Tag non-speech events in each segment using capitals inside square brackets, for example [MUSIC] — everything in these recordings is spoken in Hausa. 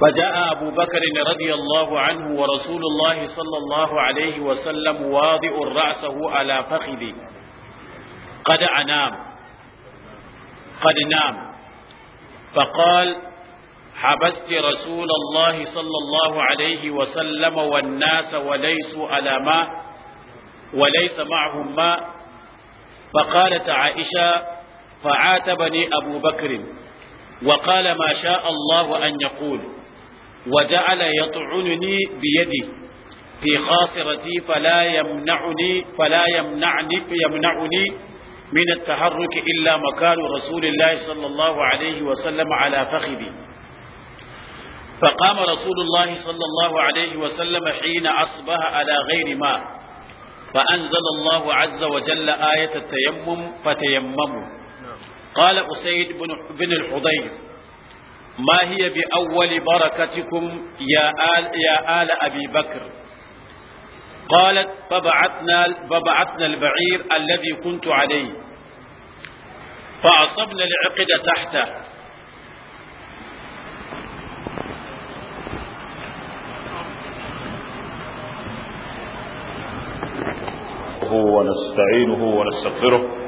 فجاء أبو بكر رضي الله عنه ورسول الله صلى الله عليه وسلم واضع رأسه على فخذه قد أنام قد نام فقال حبست رسول الله صلى الله عليه وسلم والناس وليسوا على ماء وليس معهم ماء فقالت عائشة فعاتبني أبو بكر وقال ما شاء الله أن يقول وجعل يطعنني بيدي في خاصرتي فلا يمنعني فلا يمنعني يمنعني من التحرك إلا مكان رسول الله صلى الله عليه وسلم على فخذي فقام رسول الله صلى الله عليه وسلم حين أصبح على غير ماء فأنزل الله عز وجل آية التيمم فتيمموا قال أسيد بن, بن الحضير ما هي بأول بركتكم يا آل, يا آل أبي بكر قالت فبعثنا, فبعثنا البعير الذي كنت عليه فعصبنا العقد تحته ونستعينه ونستغفره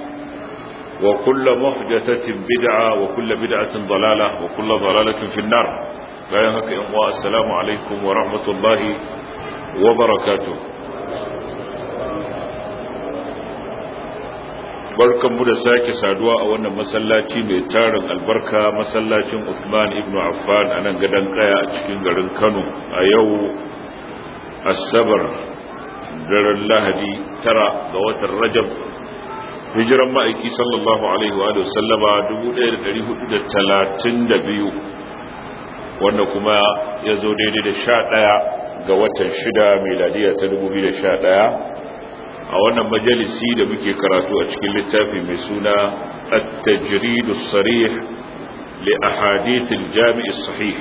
وكل محدثة بدعة وكل بدعة ضلالة وكل ضلالة في النار لا ينهك السلام عليكم ورحمة الله وبركاته barkan mu da sake saduwa a wannan masallaci mai tarin albarka masallacin Uthman ibn Affan a nan gadan kaya a cikin garin Kano a yau Asabar daren Lahadi tara ga watan Rajab hijiran ma'aiki sallallahu alaihi wa sallama 1432 wanda kuma ya zo daidai da sha ɗaya ga watan shida meladiya ta 2011 a wannan majalisi da muke karatu a cikin littafi mai suna at-tajridu sarih li ahadith al sahih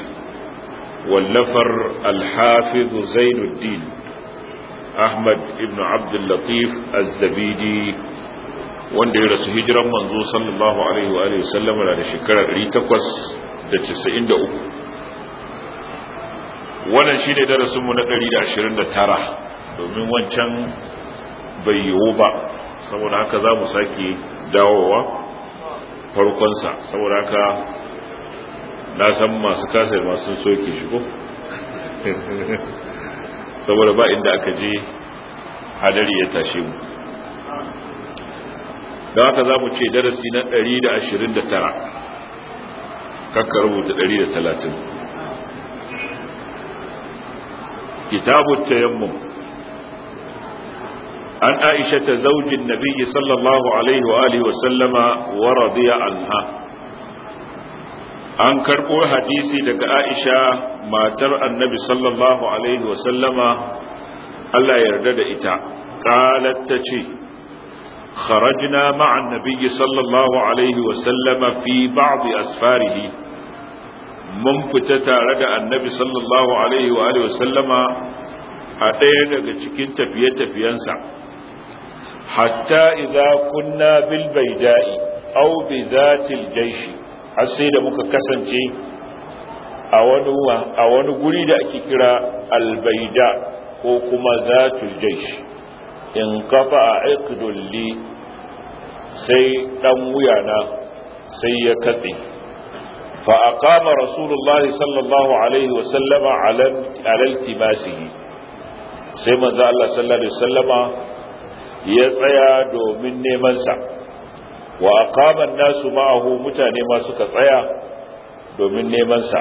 wallafar al zainuddin ahmad ibn Abdul latif az-zabidi wanda ya rasu hijiran manzo sallallahu alaihi wa alihi sallama da shekara 893 wannan shine darasin mu na 129 domin wancan bai yiwu ba saboda haka za mu sake dawowa farkonsa saboda haka na san masu kasar masu soke shigo [LAUGHS] saboda ba inda aka je hadari ya tashe mu da haka za mu ce darasi na 129 kakka rubuta 130 kitabu tayammum an aisha ta zaujin nabi sallallahu alaihi wa alihi wa sallama wa radiya anha an karɓo hadisi daga aisha matar annabi sallallahu alaihi wa sallama Allah yarda da ita qalat ta ce خرجنا مع النبي صلى الله عليه وسلم في بعض أسفاره من فتتا رجع النبي صلى الله عليه وآله وسلم أتينا كتكين تفية تفينسع حتى إذا كنا بالبيداء أو بذات الجيش السيدة مككسن شيء أو أن قريد أكي كرا البيداء وكما ذات الجيش in kafa a aikudulli sai ɗan wuyana sai ya katse fa رسول الله صلى الله عليه وسلم على على التماسه sai manzo Allah sallallahu alaihi wasallama ya tsaya domin neman sa wa aqaman nasu ma'ahu mutane ma suka tsaya domin neman sa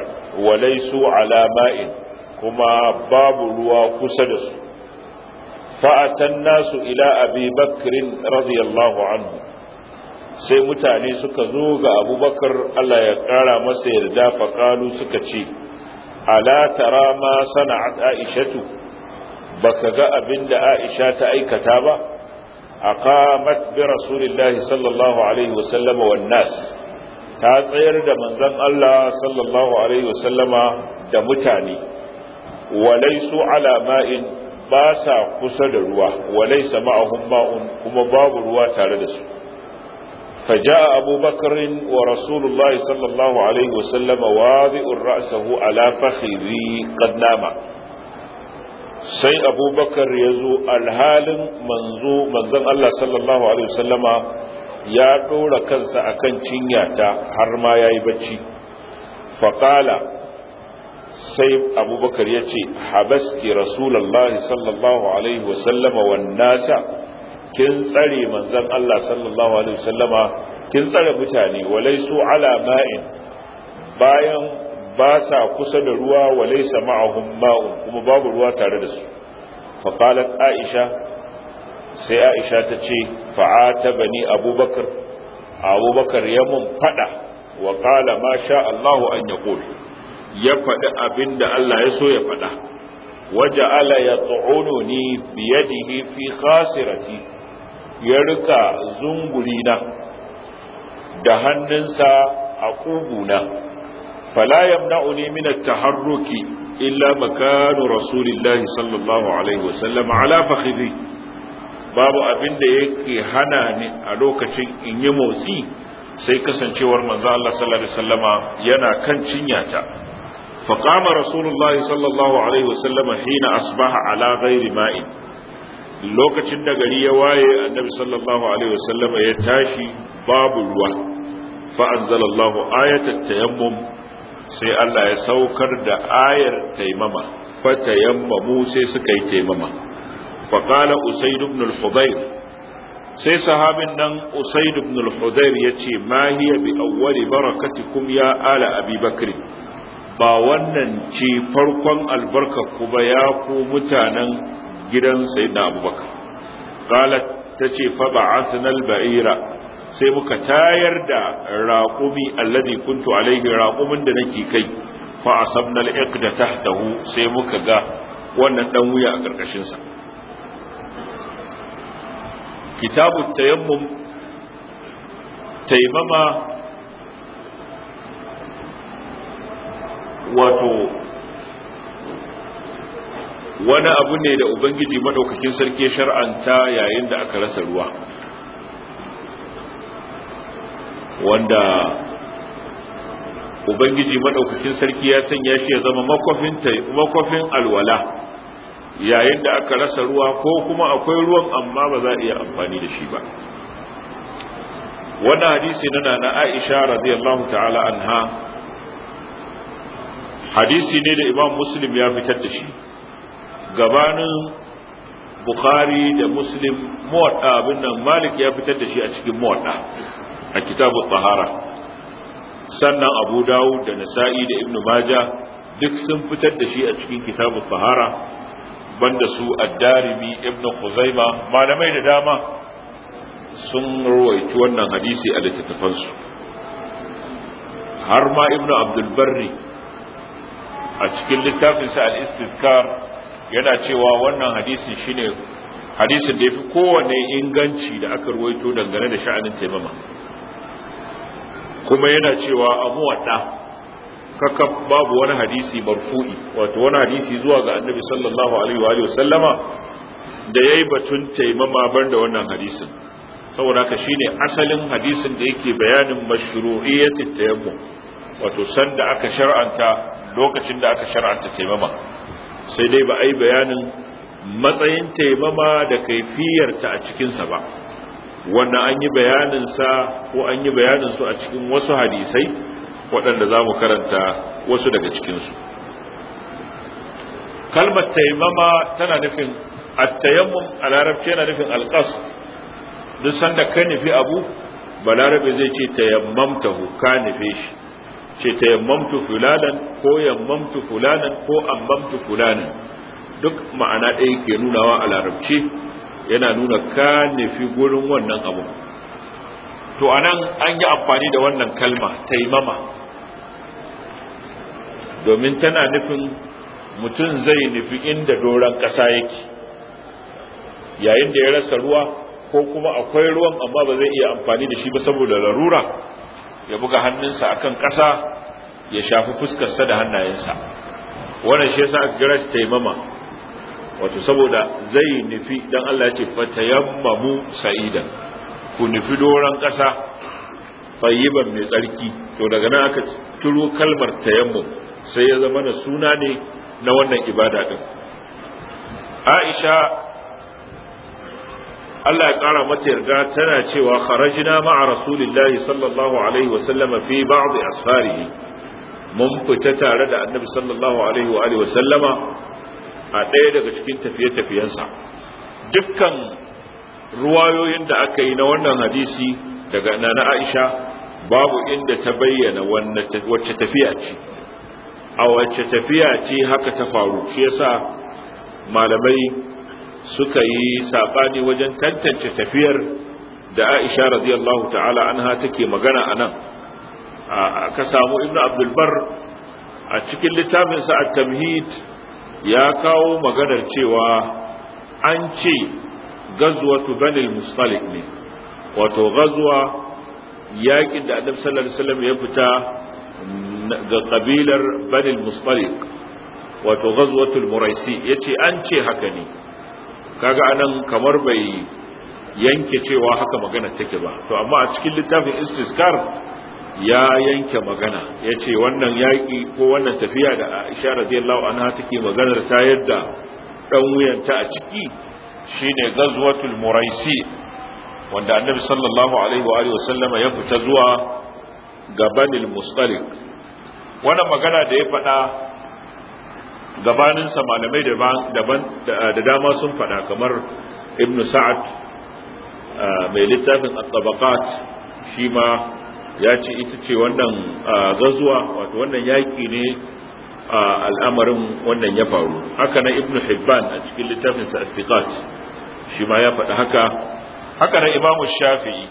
su ala ma'in kuma babu ruwa kusa da su fa'atan nasu ila abi bakrin radiyallahu anhu sai mutane suka zo ga abubakar Allah ya ƙara masa yarda faƙalu suka ce ala tara ma sana'at aishatu baka ga abin da aisha ta aikata ba A kamat bi rasulillahi sallallahu alaihi wasallama wan nas ta tsayar da manzon Allah sallallahu alaihi wasallama da mutane walaisu ala ba sa kusa da ruwa walai a hunba'un kuma babu ruwa tare da su faja'a abubakar wa rasulullahi sallallahu alaihi wasallama wadi'ur ra'sahu ala fakhidhi qad nama sai abubakar ya zo alhalin manzo manzan Allah sallallahu alaihi wasallama ya ɗora kansa akan cinyata har ma yayi bacci Faƙala. sai abubakar ya ce habasti rasulallah sallallahu alaihi wasallama wan nasa kin tsare manzon Allah sallallahu alaihi wasallama kin tsare mutane walaisu ala ma'in bayan ba sa kusa da ruwa walaisa ma'ahum ma'un kuma babu ruwa tare da su faqalat aisha sai aisha ta ce fa'ata bani abubakar abubakar ya mun fada wa qala ma sha Allahu an yaqul ya faɗi abin da Allah ya so ya faɗa waje ala ya tsohono ni biyadihi fi khasirati ya rika zungurina da hannunsa a ƙuguna fala yamna'uni min taharruki illa makanu rasulillahi sallallahu alaihi wasallam ala fakhidhi babu abin da yake hana ni a lokacin in yi motsi sai kasancewar manzo Allah sallallahu alaihi wasallama yana kan cinyata فقام رسول الله صلى الله عليه وسلم حين أصبح على غير ماء lokacin da gari ya waye annabi sallallahu alaihi wasallam ya tashi babu ruwa fa anzalallahu sai Allah ya saukar da ayar taimama fa tayammamu sai suka yi taimama fa qala usayd ibn al-hudayr sai sahabin nan usayd ibn al-hudayr yace ma hiya bi awwali barakatikum ya ala abi bakr ba wannan ce farkon albarka ku ba ya ku mutanen gidan sayyidina abubakar qalat tace fa ba'athna al-ba'ira sai muka tayar da raqumi alladhi kuntu alayhi raqumin da nake kai fa asabnal da iqda tahtahu sai muka ga wannan dan wuya a karkashin sa kitabu tayammum taimama wato wani abu ne da ubangiji madaukakin sarki shar'anta yayin da aka rasa ruwa wanda ubangiji madaukakin sarki ya sanya shi ya zama makwafin alwala yayin da aka rasa ruwa ko kuma akwai ruwan amma ba za a iya amfani da shi ba Wani hadisi nana na aisha radiyallahu ta'ala anha hadisi ne da imam muslim ya fitar da shi gabanin bukhari da muslim muwadda abin nan malik ya fitar da shi a cikin muwadda a kitabu tsahara sannan abu dawud da nasa'i da ibnu maja duk sun fitar da shi a cikin kitabu tsahara banda su addarimi ibnu khuzaima malamai da dama sun ruwaici wannan hadisi a littattafansu har ma ibnu abdul barri a cikin littafinsa al-istidkar yana cewa wannan hadisin shine hadisin da yafi kowane inganci da aka ruwaito dangane da sha'anin taimama kuma yana cewa abu wadda kaka babu wani hadisi marfu'i wato wani hadisi zuwa ga annabi sallallahu alaihi wa sallama da yayi batun taimama banda wannan hadisin saboda haka shine asalin hadisin da yake bayanin mashru'iyyatit tayammum wato sanda aka shar'anta lokacin da aka shar'anta taimama sai dai ba a yi bayanin matsayin taimama da kaifiyarta a cikinsa ba wannan an yi bayaninsa ko an yi su a cikin wasu hadisai waɗanda za mu karanta wasu daga cikinsu kalmar taimama tana nufin tayammum a larabci yana nufin alƙas, duk sanda ka nufi abu balarabe zai ce tayammamtahu ka nufe shi ce ta yammamtu fulanan ko yammamtu fulanan ko ammamtu fulanan duk ma'ana ɗaya ke nunawa a larabci yana nuna ka nufi gurin wannan abu to anan an yi amfani da wannan kalma taimama domin tana nufin mutum zai nufi inda doron ƙasa yake yayin da ya rasa ruwa ko kuma akwai ruwan amma ba zai iya amfani da shi ba saboda larura ya buga hannunsa akan ƙasa ya shafi fuskarsa da hannayensa wannan shi yasa aka kira shi taimama wato saboda zai nufi dan Allah ya ce yammamu, sa'idan ku nufi doron ƙasa fayyiban mai tsarki to daga nan aka turo kalmar tayammum sai ya zama da suna ne na wannan ibada din Aisha Allah ya ƙara mata yarda tana cewa kharajina ma'a rasulillahi sallallahu alaihi wasallama fi ba'd asfarihi mun fita tare da annabi sallallahu alaihi wa alihi a ɗaya daga cikin tafiye-tafiyensa dukkan ruwayoyin da aka yi na wannan hadisi daga nana Aisha babu inda ta bayyana wacce tafiya ce a wacce tafiya ce haka ta faru shi yasa malamai suka yi saɓani wajen tantance tafiyar da aisha radiyallahu ta'ala anha take magana a nan aka samu Ibnu abdulbar a cikin littafinsa a tamhid ya kawo maganar cewa an ce gazuwatu banil mustalik ne wato gazuwa yaƙin da annabi sallallahu alaihi ya fita ga kabilar banil mustalik wato gazuwatul muraisi yace an ce haka ne kaga anan kamar bai yanke cewa haka magana take ba to amma a cikin littafin istiskar ya yanke magana ya ce wannan yaƙi ko wannan tafiya da aisha radiyallahu anha take maganar ta yadda ɗan wuyanta a ciki shine ghazwatul muraisi wanda annabi sallallahu alaihi wa alihi wasallama ya fita zuwa gabanil mustalik wannan magana da ya faɗa gabaninsa malamai da dama sun faɗa kamar ibn sa'ad mai littafin at-tabaqat shi ma ya ce ita ce wannan gazuwa wato wannan yaƙi ne al'amarin wannan ya faru haka na ibn hibban a cikin littafinsa as-siqat shi ma ya faɗi haka haka na imamu shafi'i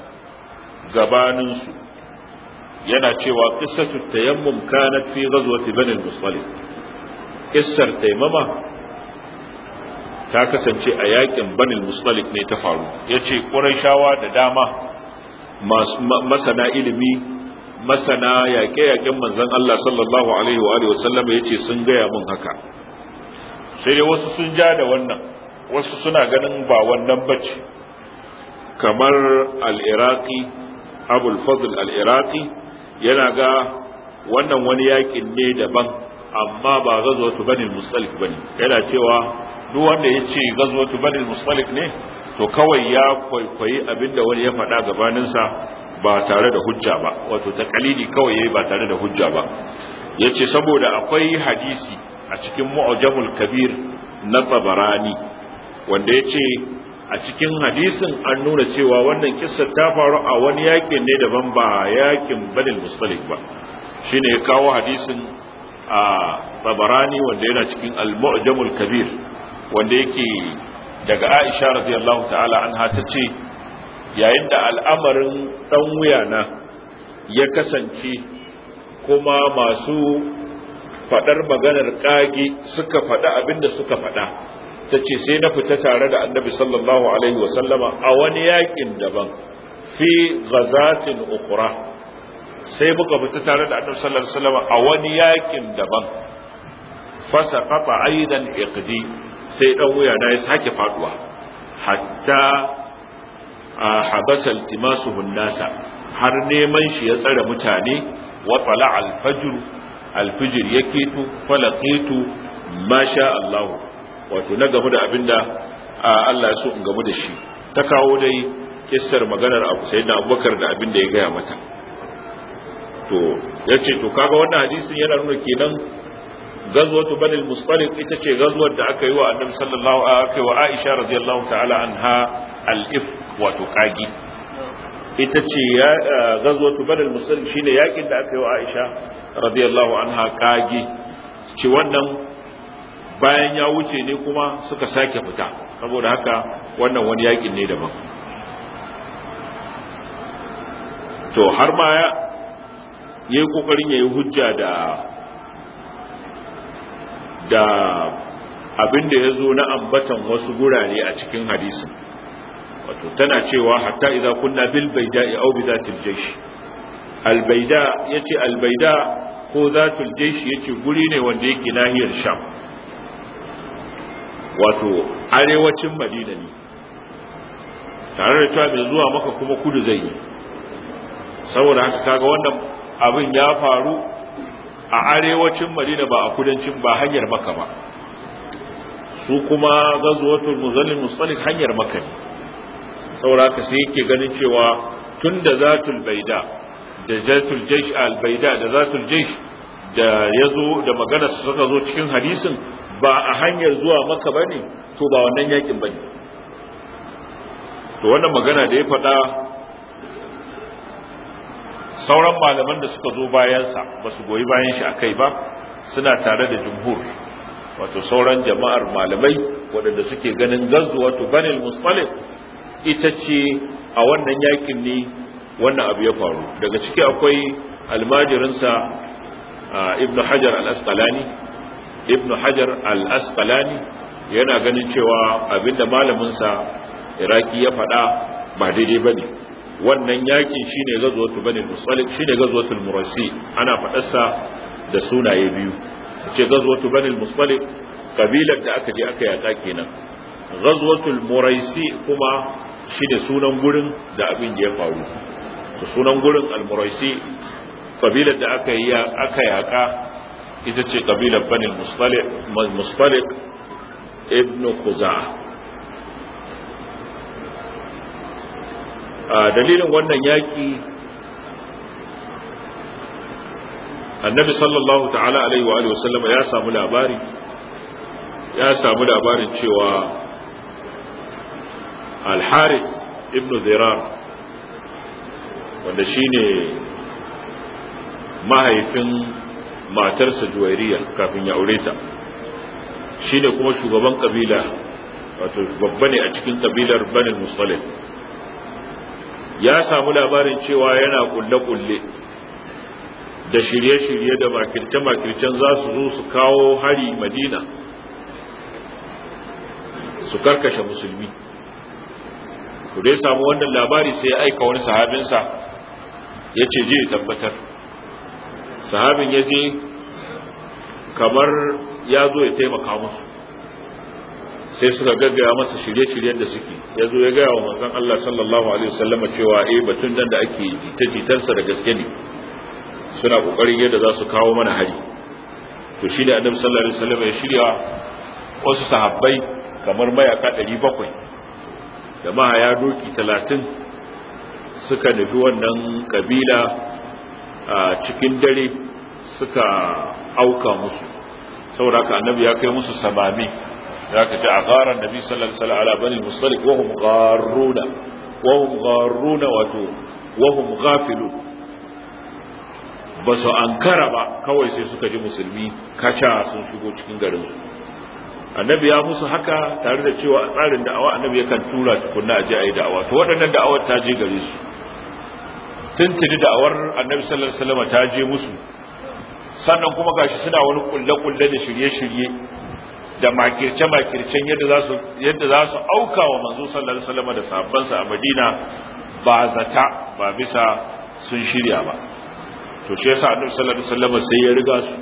gabaninsu yana cewa qissatu tayammum kanat fi ghazwati bani al-mustalid kissar taimama ta kasance a yakin banil musulik ne ta faru ya ce shawa da dama masana ilimi masana yaƙe-yaƙen manzan Allah sallallahu alaihi wa ya ce sun gaya mun haka sai dai wasu sun ja da wannan wasu suna ganin ba wannan bace kamar al'iraki fadl al'iraki yana ga wannan wani yakin ne daban amma ba gazwatu bani mustalik bane yana cewa duk wanda ya ce gazwatu bani mustalik ne to kawai ya kwaikwayi abinda wani ya faɗa gabaninsa ba tare da hujja ba wato takalidi kawai yayi ba tare da hujja ba yace saboda akwai hadisi a cikin mu'jamul kabir na tabarani wanda yace a cikin hadisin an nuna cewa wannan kissa ta faru a wani yakin ne daban ba yakin badal mustalik ba shine ya kawo hadisin a tabarani wanda yana cikin al-mu'jamul kabir wanda yake daga Aisha radiyallahu ta'ala anha tace yayin da al'amarin dan wuyana ya kasance kuma masu fadar maganar kage suka fada abinda suka fada tace sai na fita tare da Annabi sallallahu alaihi wasallama a wani yakin daban fi ghazatin ukhra sai muka fita tare da annabi sallallahu alaihi wasallam a wani yakin daban fasa kafa aidan iqdi sai dan wuya na ya sake faduwa hatta habasa iltimasuhu hunnasa har neman shi ya tsare mutane wa tala al-fajr yake tu falaqitu masha Allah wato na gamu da abinda Allah ya so in gamu da shi ta kawo dai kissar maganar Abu Sayyidina Abubakar da abinda ya gaya mata to ce to kaga wannan hadisin yana nuna kenan gazwatu banil musfarid ita ce gazwar da aka yi wa annabi sallallahu alaihi aka yi wa Aisha radiyallahu ta'ala anha al-if wato kagi ita ce eh, gazwatu banil musfarid shine yakin da aka yi wa Aisha radiyallahu anha kagi ce wannan bayan ya wuce ne kuma suka sake fita saboda haka wannan wani yakin ne daban to har ma ya yi ƙoƙarin ya yi hujja da da abin da ya zo na ambatan wasu gurare a cikin hadisin wato tana cewa hatta idza kunna bil baida'i au bi zatil jaysh al baida yace al baida ko zatul jaysh yace guri ne wanda yake nahiyar sham wato arewacin madina ne tare da cewa mai zuwa maka kuma kudu zai yi saboda haka kaga wannan abin ya faru a arewacin madina ba a kudancin ba hanyar maka ba su kuma gazuwatul muzallin musallin hanyar maka ne sauraka sai yake ganin cewa tun da zatul baida da zatul jaish al baida da zatul jaish da ya da magana su suka zo cikin hadisin ba a hanyar zuwa maka bane to ba wannan yakin bane to wannan magana da ya faɗa sauran malaman da suka zo bayansa ba su goyi bayan shi a kai ba suna tare da jumhur wato sauran jama'ar malamai waɗanda suke ganin gazu wato banil mustalif ita ce a wannan yakin ne wannan abu ya faru daga ciki akwai almajirinsa ibnu hajar al-asqalani ibnu hajar al-asqalani yana ganin cewa abinda malaminsa iraki ya faɗa ba daidai ba ne wannan yakin shine gazwatul bani musalib shine gazwatul murasi ana fadarsa da sunaye biyu ce gazwatul bani musalib kabilar da aka je aka yaka kenan gazwatul muraisi kuma shine sunan gurin da abin ya faru sunan gurin al-muraisi kabilar da aka yi aka yaka ita ce kabilar bani musalib ibn khuza'ah A dalilin wannan yaki annabi sallallahu ta'ala alaihi wa alihi ya samu labari ya samu labarin cewa al-haris ibn zirar wanda shine mahaifin matarsa juwairiya kafin ya aure ta shine kuma shugaban kabila wato babba ne a cikin kabilar banin musalin ya samu labarin cewa yana kulle-kulle da shirye-shirye da makirce-makircen za su zo su kawo hari madina su karkashe musulmi ku dai samu wannan labari sai ya aika wani sahabinsa ya ce je tabbatar sahabin ya je kamar ya zo ya taimaka musu sai suka gaggaya masa shirye-shiryen da suke ya zo ya gaya wa manzon Allah sallallahu alaihi wasallama cewa e, batun dan da ake jita-jitarsa da gaske ne suna kokarin yadda za su kawo mana hari to shi da annabi sallallahu alaihi wasallama ya shirya wasu sahabbai kamar mayaka 700 da mahaya doki talatin suka nufi wannan kabila a cikin dare suka auka musu saboda haka annabi ya kai musu samami ذاك ji a gharan nabi sallallahu alaihi wasallam ala bani mustalik wa hum gharuna wa hum gharuna wato wa hum ba su ankara ba kawai sai suka ji musulmi kaca sun shigo cikin garin annabi ya musu haka tare da cewa a tsarin da'awa annabi yakan tura tukunna a je a yi da'awa to waɗannan da'awar ta je gare su tuntuni da'awar annabi sallallahu alaihi wasallam ta je musu sannan kuma gashi suna wani kulle-kulle da shirye-shirye da makirce-makircen yadda za su auka wa manzo sallallahu alaihi da sahabbansa a madina ba zata ba bisa sun shirya ba to shi yasa annabi sallallahu alaihi wasallam sai ya riga su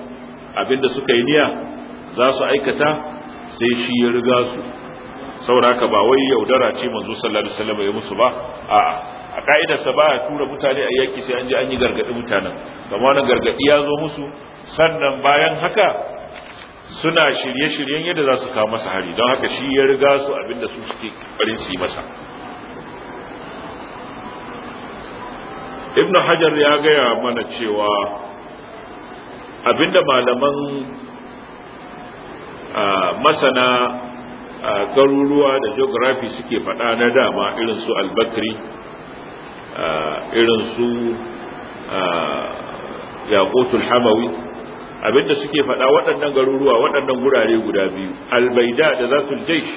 abinda suka yi niyya za su aikata sai shi ya riga su saboda ba wai yaudara ce manzo sallallahu alaihi wasallam ya musu ba a'a a ka'idarsa ba ya tura mutane a yaki sai an je an yi gargadi mutanen kamar wani gargadi ya zo musu sannan bayan haka suna shirye-shiryen yadda za su kawo masa hari don haka shi ya riga su abinda su suke ƙarin su yi masa ibn hajar ya gaya mana cewa abinda malaman masana garuruwa da geography suke faɗa na dama irin su albakri irin su yaqutul hamawi abinda suke faɗa waɗannan garuruwa waɗannan gurare guda biyu albaida da zatul jaish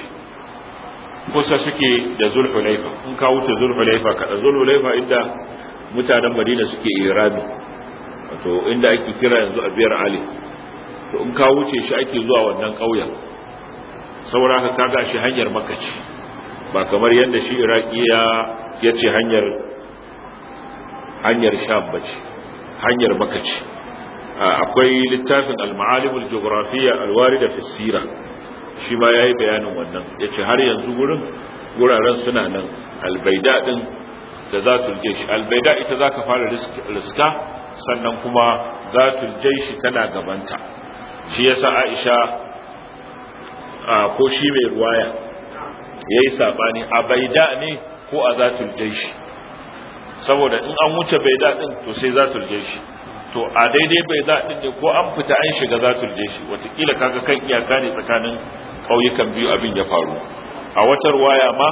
kusa suke da zulhulaifa in ka wuce zulhulaifa kaɗan zulhulaifa inda mutanen madina suke irami wato inda ake kira yanzu a biyar ali to in ka wuce shi ake zuwa wannan ƙauyen saboda ka kaga shi hanyar makaci ba kamar yadda shi iraki ya ce hanyar hanyar sham bace hanyar makaci akwai littafin al-ma'alimul jughrafiya al-warida fi shi ma yi bayanin wannan yace har yanzu wurin wuraren suna nan Albaida din da zatul jaysh al Albaida ita zaka fara riska sannan kuma zatul tana gabanta shi yasa Aisha ko shi mai ruwaya yayi sabani a baida ne ko a zatul saboda in an wuce baida ɗin to sai zatul to a daidai bai za din ne ko an fita an shiga je shi watakila kaga kan iyaka ne tsakanin ƙauyukan biyu abin ya faru a watar waya ma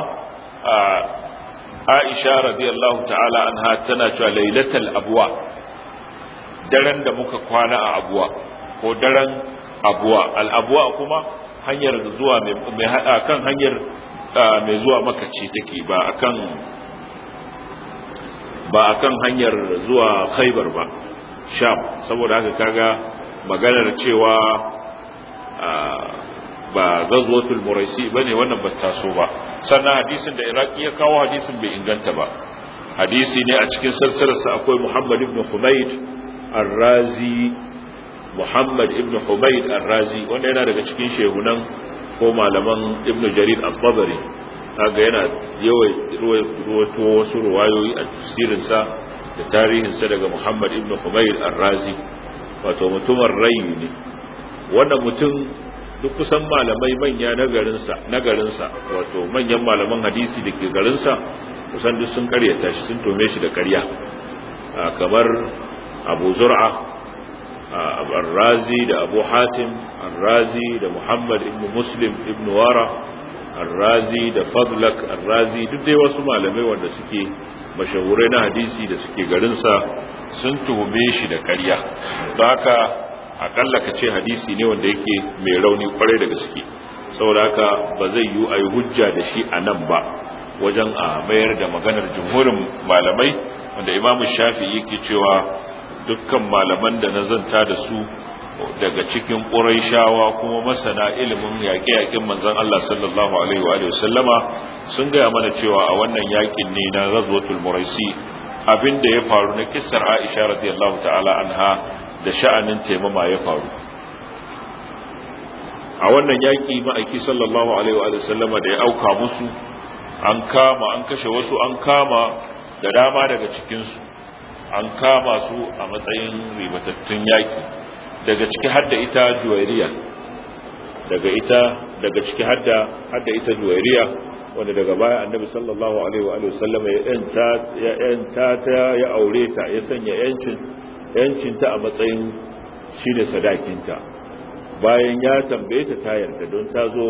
aisha radiyallahu ta'ala an ha tana cewa lailatul abwa daren da muka kwana a abuwa ko daren abuwa al'abuwa kuma hanyar zuwa mai hada kan hanyar mai zuwa makaci take ba akan ba akan hanyar zuwa khaybar ba sham saboda haka kaga maganar cewa ba zazwatul muraisi bane wannan ba taso ba sannan hadisin da iraki ya kawo hadisin bai inganta ba hadisi ne a cikin sarsalarsa akwai muhammad ibn humaid arrazi muhammad ibn humaid arrazi wanda yana daga cikin shehunan ko malaman ibn jarir al tabari kaga yana yawan ruwaito wasu ruwayoyi a tafsirinsa da tarihinsa daga muhammad ibn humayr ar-razi wato mutumin rayu ne wannan mutum duk kusan malamai manya na garinsa wato manyan malaman hadisi da ke garinsa kusan duk sun karyata shi sun tome shi da karya kamar abu zur'a al-razi da abu hatim al-razi da muhammad ibn muslim ibn wara al-razi da fadlak al-razi duk dai wasu malamai wanda suke mashahurai na hadisi da suke garinsa sun tuhume shi da karya don haka akalla ka ce hadisi ne wanda yake mai rauni kwarai da gaske saboda haka ba zai yi a hujja da shi a nan ba wajen a mayar da maganar jumhurin malamai wanda imamu shafi yake cewa dukkan malaman da na zanta da su daga cikin ƙuraishawa kuma masana ilimin yaƙe-yaƙen manzon Allah sallallahu alaihi wa sallama sun gaya mana cewa a wannan yaƙin ne na ghazwatul muraisi abin da ya faru na kissar Aisha radiyallahu ta'ala anha da sha'anin taimama ya faru a wannan yaƙi ma'aiki sallallahu alaihi wa sallama da ya auka musu an kama an kashe wasu an kama da dama daga cikinsu an kama su a matsayin ribatattun yaƙi daga ciki hadda ita juwairiya daga ita daga ciki hadda hadda ita juwairiya wanda daga baya annabi sallallahu alaihi wa alihi wasallam ya yanta ya yanta ta ya aure ta ya sanya yancin yancin ta a matsayin shine sadakinta bayan ya tambaye ta ta yarda don ta zo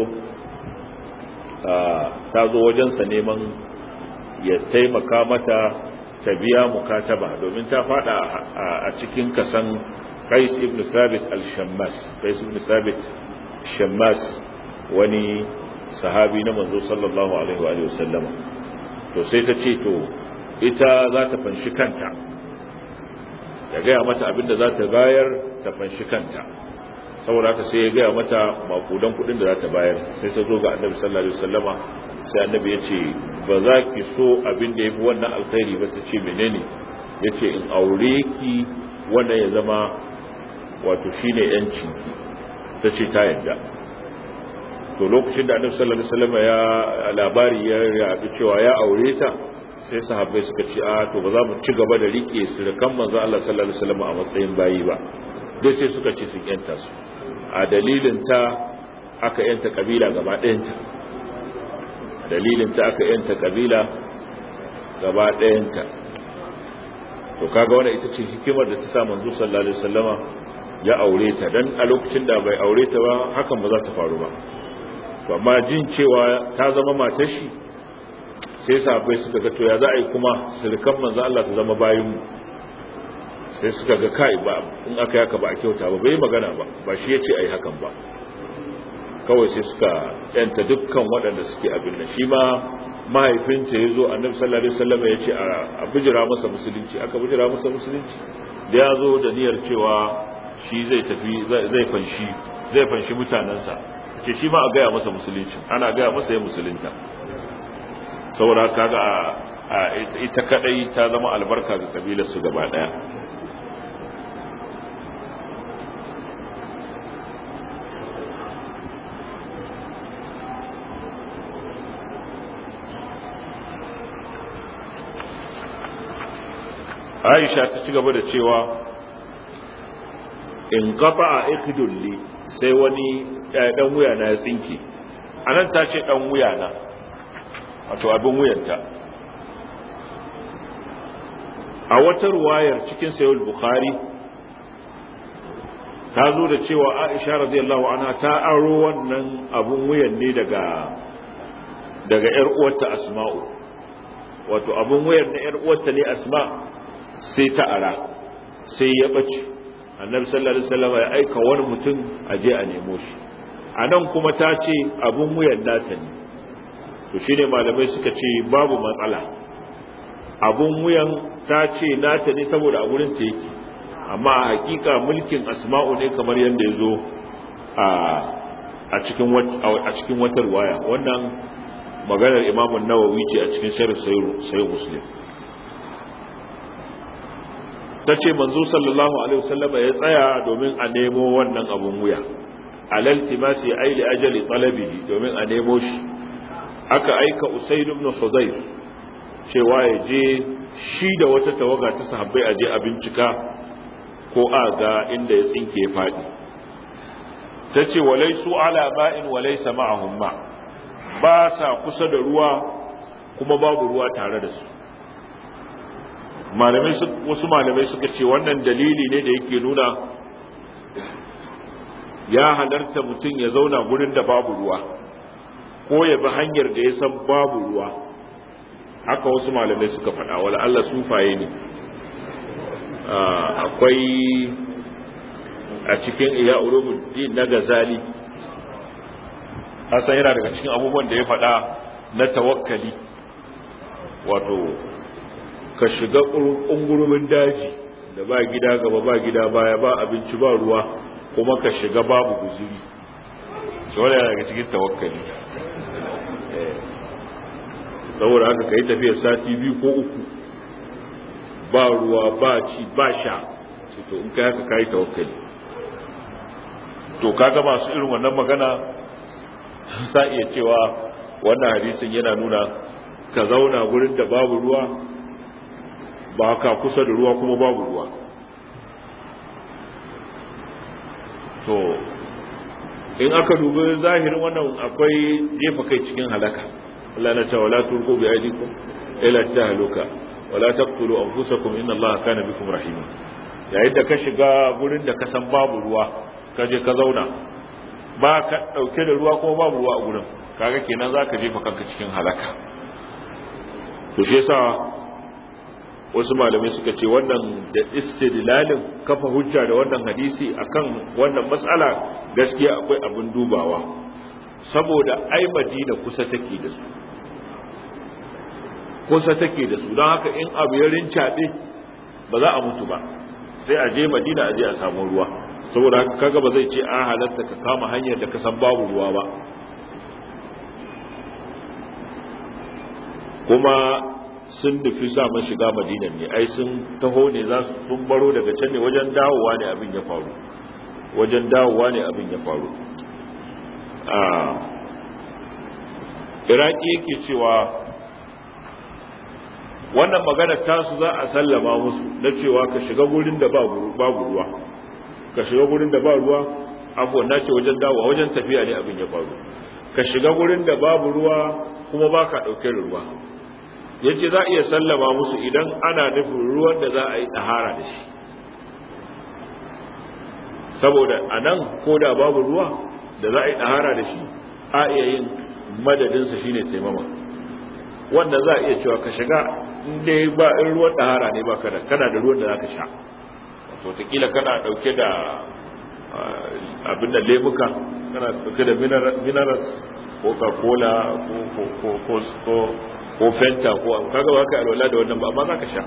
ah, ta zo wajensa neman ya taimaka mata ta biya mukataba domin ta fada a cikin kasan Qais ibn Thabit al-Shammas Qais ibn Thabit Shammas wani sahabi na manzo sallallahu alaihi wa sallam to sai ta ce to ita za ta fanshi kanta ya gaya mata abinda za ta bayar ta fanshi kanta saboda haka sai ya gaya mata makudan kudin da za ta bayar sai ta zo ga annabi sallallahu alaihi sallama. sai annabi ya ce ba za ki so abin da ya fi wannan alkhairi ba ta ce menene ya ce in aure ki wanda ya zama wato shine yanci ta ce ta yadda to lokacin da annabi sallallahu alaihi wasallam ya labari ya cewa ya aure ta sai sahabbai suka ce a ah, to ba za mu ci gaba da rike surukan manzo Allah sallallahu alaihi wasallam a matsayin bayi ba dai sai suka ce sun yanta su a dalilin ta aka yanta kabila gaba ta. dalilin ta aka yanta kabila gaba ɗayanta to kaga wannan ita ce hikimar da ta sa manzo sallallahu alaihi wasallama ya aure ta dan a lokacin da bai aure ta ba hakan ba za ta faru ba to amma jin cewa ta zama matar shi sai sahabbai suka ga to ya za a yi kuma sirkan manzo Allah su zama bayin sai suka ga kai ba in aka yaka ba a kyauta ba bai magana ba ba shi ya ce a yi hakan ba kawai sai suka yanta dukkan waɗanda suke abin nan shi ma mahaifinta ya zo annabi sallallahu alaihi wasallam ya ce a bijira masa musulunci aka bijira masa musulunci da ya zo da niyyar cewa shi zai tafi zai fanshi zai fanshi mutanensa ke shi ma a gaya masa musulunci ana gaya masa ya musulunta saboda kaga a ita kadai ta zama albarka ga kabilar su gaba daya aisha ta ci gaba da cewa in kafa a ikidulli sai wani ɗan eh, wuya na ya tsinki, a nan ta ce ɗan wuya na wato abin wuyanta a wata ruwayar cikin sayul bukhari ta zo da cewa aisha radiyallahu anha ta aro wannan abin wuyan ne daga daga yar uwarta asma'u wato abin wuyan na yar uwarta ne Asma'u? sai ta ara sai ya bace annabi sallallahu alaihi wasallam ya aika wani mutum a je a nemo shi a nan kuma ta ce abun wuyan nata ne to shine malamai suka ce babu matsala abun wuyan ta ce nata ne saboda a gurin ta yake amma a hakika mulkin asma'u ne kamar yadda ya zo a cikin watar waya wannan maganar imamun nawawi ce a cikin sharif sayi muslim ta ce manzo sallallahu alaihi wasallam ya tsaya domin a nemo wannan abun wuya alal timasi ai li ajali talabihi domin a nemo shi aka aika usaid ibn hudayr cewa ya je shi da wata tawaga ta sahabbai a je a bincika ko a ga inda ya tsinke ya faɗi ta ce walai su ala ba'in walai a ba sa kusa da ruwa kuma babu ruwa tare da su malamai wasu malamai suka ce wannan dalili ne da yake nuna ya halarta mutum ya zauna gurin da babu ruwa ko ya bi hanyar da ya san babu ruwa haka wasu malamai suka faɗa wala Allah sufaye ne akwai a cikin iya na gazali asan yana daga cikin abubuwan da ya faɗa na tawakkali wato ka shiga ƙungurumin daji da ba gida gaba ba gida baya ba abinci ba ruwa kuma ka shiga babu guzuri shi wani daga cikin tawakkali eh. saboda haka ka yi tafiya sati biyu ko uku ba ruwa ba ci ba sha to in ka haka ka yi to kaga masu irin wannan magana sa iya cewa wannan hadisin yana nuna ka zauna wurin da babu ruwa ba ka kusa da ruwa kuma babu ruwa to in aka dubi zahirin wannan akwai jefa kai cikin halaka Allah na cewa la turku bi aidikum ila tahluka wala taqtulu anfusakum inna Allah kana bikum rahima yayin da ka shiga gurin da ka san babu ruwa ka je ka zauna ba ka dauke da ruwa kuma babu ruwa a gurin kaga kenan zaka jefa kanka cikin halaka to shi yasa wasu malamai suka ce wannan da istidlalin kafa hujja da wannan hadisi akan wannan matsala gaskiya akwai abin dubawa saboda ai madina kusa take da su kusa take da su don haka in abu ya rincaɓe ba za a mutu ba sai a je madina a je a samu ruwa saboda haka kaga ba zai ce an halatta ka kama hanyar da ka san babu ruwa ba kuma sun nufi sa man shiga madinan ne ai sun taho ne za su sun baro daga can ne wajen dawowa ne abin ya faru wajen dawowa ne abin ya faru a iraki yake cewa wannan magana tasu za a sallama musu na cewa ka shiga gurin da babu ruwa ka shiga gurin da ba ruwa abuwa na ce wajen dawowa wajen tafiya ne abin ya faru ka shiga gurin da babu ruwa kuma ba ka ɗauke da ruwa ya ce za a iya sallama musu idan ana nufin ruwan da za a yi ɗahara da shi saboda a nan ko da babu ruwa da za a yi ɗahara da shi a iya yin madadinsa shi ne taimama wanda za a iya cewa ka shiga inda ba in ruwan ɗahara ne ba kada kana da ruwan da za ka sha wataƙila kana ɗauke da ah, abin da lemuka kana ɗauke da minerals coca cola ko ko fenta ko abu kaga baka ka alwala da wannan ba amma za ka sha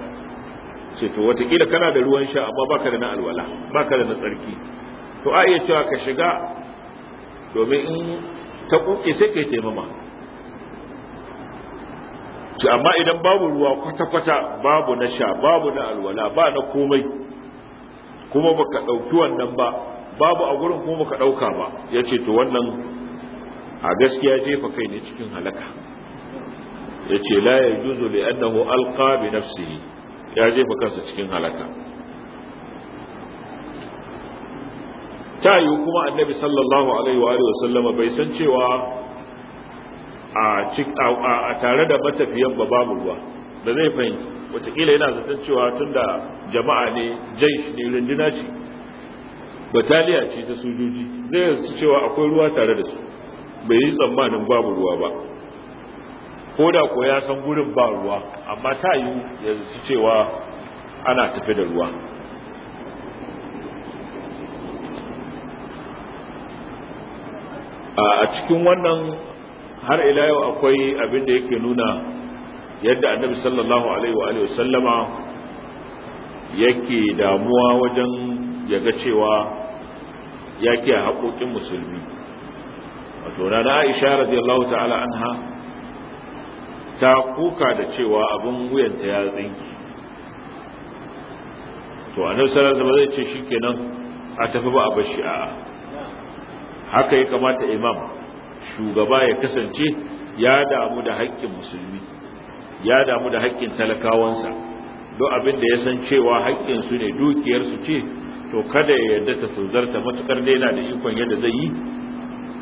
ce to watakila kana da ruwan sha amma baka da na alwala baka da na tsarki to a iya cewa ka shiga domin in ta kuke sai kai taimama ce amma idan babu ruwa kwata-kwata babu na sha babu na alwala ba na komai kuma baka ɗauki wannan ba babu a gurin kuma baka ɗauka ba Yace to wannan a gaskiya jefa kai ne cikin halaka yace la yajuzu li annahu alqa bi nafsihi ya jefa kansa cikin halaka ta yi kuma annabi sallallahu alaihi wa sallama bai san cewa a tare da matafiyan ba babu ruwa da zai fahimci watakila yana zaton cewa tun da jama'a ne jaish ne runduna ce bataliya ce ta sojoji zai yanzu cewa akwai ruwa tare da su bai yi tsammanin babu ruwa ba Koda da ko ya san gurin ba ruwa amma ta yi yanzu cewa ana tafi da ruwa a cikin wannan har ila yau akwai abin da yake nuna yadda annabi sallallahu alaihi wa alihi sallama yake damuwa wajen yaga cewa yake haƙoƙin musulmi wato na na Aisha radiyallahu ta'ala anha ta kuka da cewa abin wuyanta ya tsinki to a sallallahu alaihi ba zai ce shikenan a tafi ba a bashi a'a haka ya kamata imam shugaba ya kasance ya damu da haƙƙin musulmi ya damu da haƙƙin talakawansa don abin da ya san cewa haƙƙinsu ne dukiyarsu ce to kada ya yarda ta matuƙar matukar daina da ikon yadda zai yi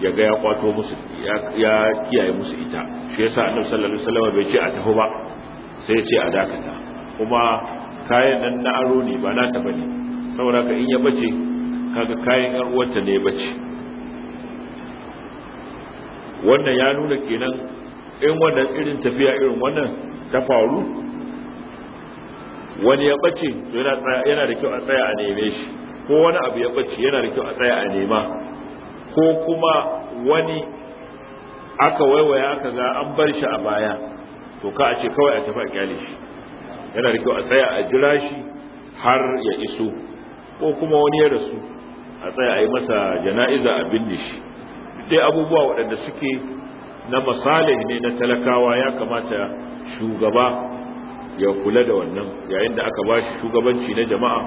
ya ga ya kwato musu ya kiyaye musu ita shi yasa annabi sallallahu alaihi wasallam bai ce a tafi ba sai ya ce a dakata kuma kayan nan na aro ne ba na ta bane saboda ka in ya bace kaga kayan yar uwarta ne ya bace wannan ya nuna kenan in wannan irin tafiya irin wannan ta faru wani ya bace yana da kyau a tsaya a neme shi ko wani abu ya bace yana da kyau a tsaya a nema ko kuma wani aka waiwaya aka ga an bar shi a baya to ka a ce kawai a tafi a kyale shi yana da kyau a tsaya a jira shi har ya iso ko kuma wani ya rasu a tsaya a yi masa jana'iza a binne shi dai abubuwa waɗanda suke na misali ne na talakawa ya kamata shugaba ya kula da wannan yayin da aka ba shi shugabanci na jama'a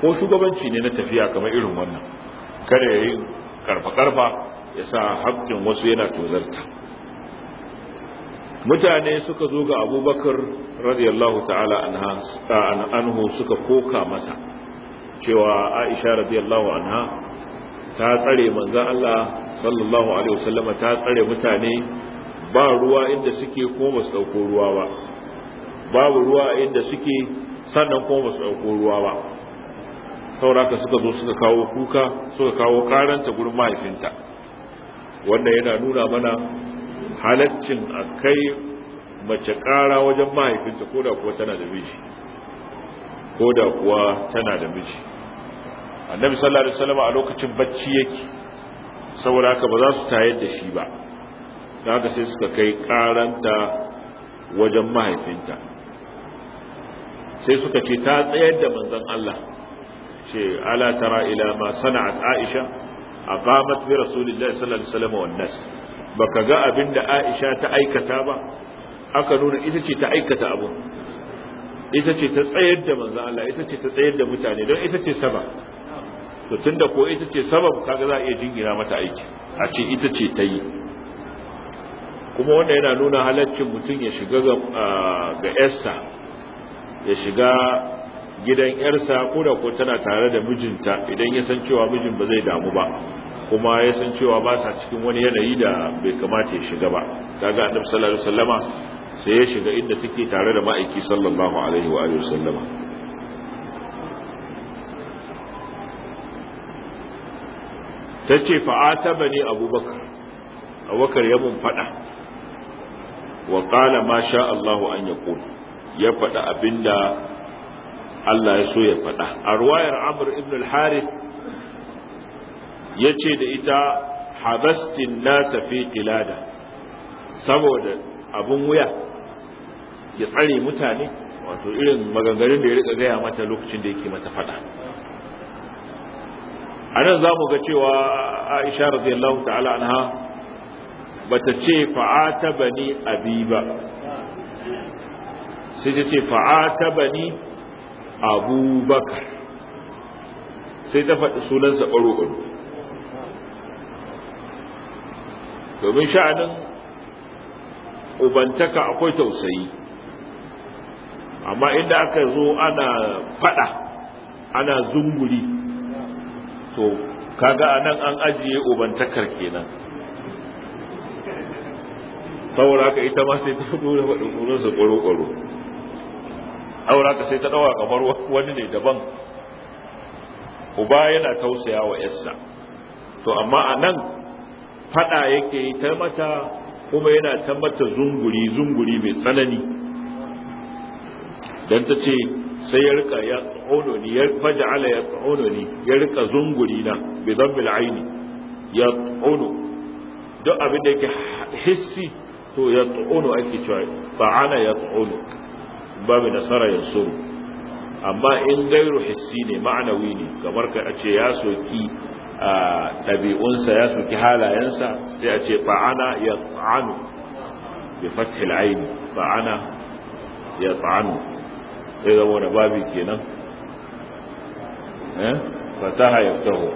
ko shugabanci ne na tafiya kamar irin wannan kada ya yi karfa-karfa ya sa haƙƙin wasu yana tozarta mutane suka zo ga abubakar radiyallahu ta'ala anhu suka koka masa cewa aisha radiyallahu anha ta tsare manzan Allah sallallahu alaihi wasallama ta tsare mutane ba ruwa inda suke ko ba su ɗauko ruwa ba babu ruwa inda suke sannan ko ba su ɗauko ruwa ba sauraka suka zo suka kawo kuka suka kawo karanta gurin mahaifinta wanda yana nuna mana halaccin a kai mace kara wajen mahaifinta ko da kuwa tana da miji ko da kuwa tana da miji annabi sallallahu alaihi wasallam a lokacin bacci yake saboda haka ba za su tayar da shi ba haka sai suka kai karanta wajen mahaifinta sai suka ce ta tsayar da manzon Allah ce ala tara ila ma sana'at aisha aqamat bi rasulillahi sallallahu alaihi wasallam wan nas baka ga abinda aisha ta aikata ba aka nuna ita ce ta aikata abu ita ce ta tsayar da manzo Allah ita ce ta tsayar da mutane don ita ce sabab to tunda ko ita ce sabab kaga za a iya jingira mata aiki a ce ita ce ta yi kuma wanda yana nuna halaccin mutum ya shiga ga Esther ah, ya shiga gidan yarsa ko da ko tana tare da mijinta idan ya san cewa mijin ba zai damu ba kuma ya san cewa ba sa cikin wani yanayi da bai kamata ya shiga ba kaga annabi sallallahu alaihi wasallama sai ya shiga inda take tare da ma'aiki sallallahu alaihi wa alihi wasallama tace fa'ata bani abubakar abubakar ya mun fada wa qala ma sha Allahu an yaqul ya fada abinda Allah ya so ya faɗa a ruwayar amur ibn al-harith ya ce da ita habastin nasa fi kilada saboda abun wuya ya tsare mutane wato irin maganganun da ya rika gaya mata lokacin da yake mata faɗa a nan za mu ga cewa aisha radiyallahu ta'ala anha bata ce fa'ata bani abi ba sai ta ce fa'ata bani abubakar sai ta faɗi sunansa ɓaro-ɓaro domin sha'anin ubantaka akwai tausayi amma inda aka zo ana faɗa ana zunguri to kaga anan an ajiye ubantakar kenan saboda haka ita ma sai ta faɗi sunansa ɓaro-ɓaro aura ka sai ta dawa kamar wani ne daban uba yana tausaya wa yarsa to amma a nan fada yake yi ta mata kuma yana ta mata zunguri zunguri mai tsanani don ta ce sai ya rika ya tsono ni ya faja ala ya tsono ni ya rika zunguri na bi zan aini ya tsono duk abin da yake hissi to ya tsono ake cewa ana ya tsono babu nasara ya yansuru amma in gairu hissi ne ma'anawi ne kamar ka ce ya soki ɗabi'unsa ya soki halayensa sai a ce fa'ana ya tsanu bi fathil aini fa'ana ya tsanu sai zama wani babi kenan eh? fataha ya taho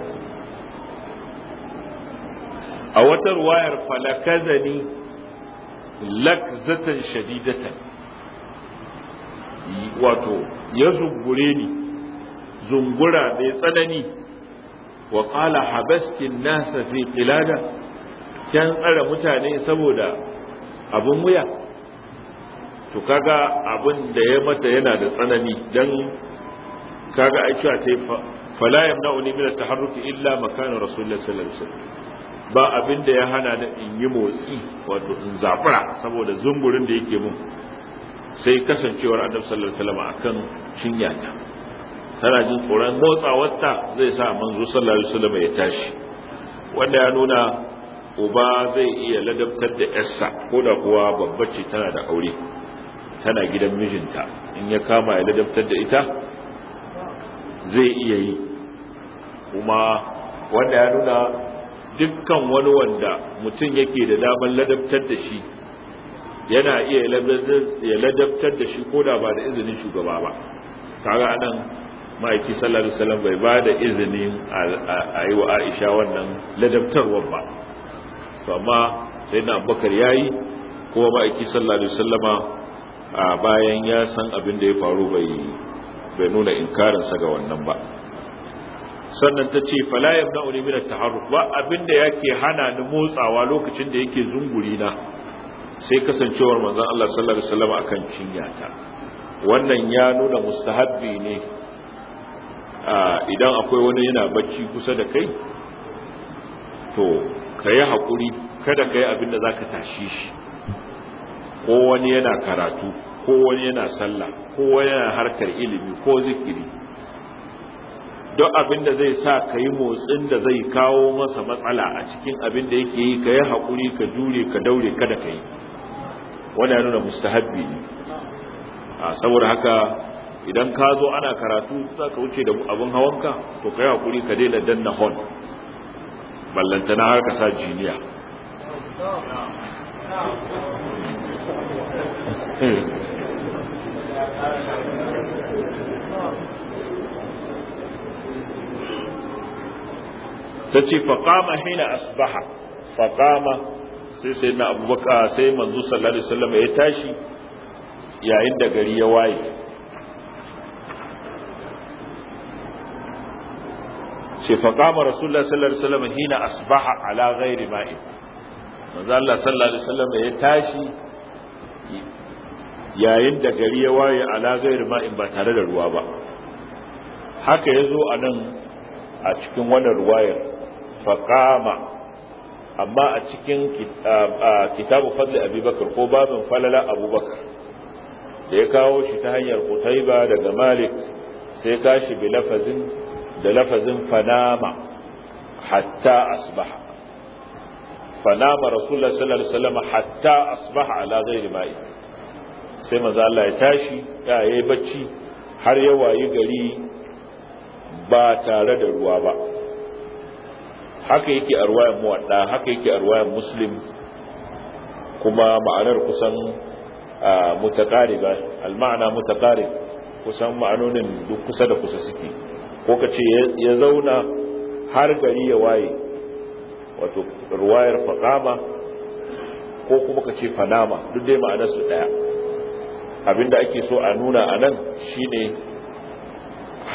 a wata ruwayar falakazani lakzatan shadidatan wato ya zungure ni zungura mai tsanani wa kala habaskin nasa fi Kyan tsare tsara mutane saboda abin wuya to kaga abin da ya mata yana da tsanani don? kaga ai cewa sai fala na wani at-taharruk illa makana rasulullahi sallallahu alaihi ba abin da ya hana na in yi motsi wato in zafura saboda zungurin da yake mun sai kasancewar annabi sallallahu alaihi wasallam akan shinya ta tana jin tsoron motsawarta zai sa manzo sallallahu alaihi wasallam ya tashi wanda ya nuna uba zai iya ladabtar da yarsa ko da kuwa babbar ce tana da aure tana gidan mijinta in ya kama ya ladabtar da ita zai iya yi kuma wanda ya nuna dukkan wani wanda mutum yake da damar ladabtar da shi yana iya ya ladabtar da shi koda ba da izinin shugaba ba kaga anan ma'aiki sallallahu alaihi wasallam bai ba da izinin a yi wa aisha wannan ladabtarwar ba to amma sai na abubakar yayi kuma ma'aiki sallallahu alaihi wasallama a bayan ya san abin da ya faru bai bai nuna inkarinsa ga wannan ba sannan ta ce fala yabna bi da taharruk ba abin da yake hana ni motsawa lokacin da yake zunguri na sai kasancewar manzon Allah sallallahu alaihi wasallam kan cinya ta wannan ya nuna mustahabbi ne idan akwai wani yana bacci kusa da kai to ka yi haƙuri, kada ka yi abin da ka tashi shi ko wani yana karatu ko wani yana sallah ko wani yana harkar ilimi ko zikiri don abin da zai sa ka yi motsin da zai kawo masa matsala a cikin abin da yake yi ka yi haƙuri ka jure ka daure kada ka yi wanda ya nuna mustahabbi ne saboda haka idan ka zo ana karatu za ka wuce da abin hawanka to ka yi hakuri ka daina danna hon na har ka sa jiniya ta ce faƙama hina asbaha faƙama sai sai na abubakar sai manzu sallallahu alaihi wasallam ya tashi yayin da gari ya waye ce faqama rasulullahi sallallahu alaihi wasallam hina asbaha ala ghairi ma'i manzu Allah sallallahu alaihi wasallam ya tashi yayin da gari ya waye ala ghairi ma'in ba tare da ruwa ba haka yazo anan a cikin wannan ruwayar faqama amma a cikin kitabu fadli abubakar ko babin falala abubakar da ya kawo shi ta hanyar kutaiba daga malik sai kashi bi da lafazin fanama hatta asbaha fanama rasulullah sallallahu alaihi wasallam hatta asbaha ala ghairi ma'i sai maza Allah ya tashi ya yi bacci har ya wayi gari ba tare da ruwa ba haka yake a ruwayan muwadda haka yake a ruwayan muslim kuma ma'anar kusan ba. al maana mutakari kusan ma'anonin duk kusa da kusa suke ko ka ce ya zauna har gari ya waye wato ruwayar faƙama, ko kuma ka ce fanama duk dai ma'anar su daya abinda ake so a nuna anan ne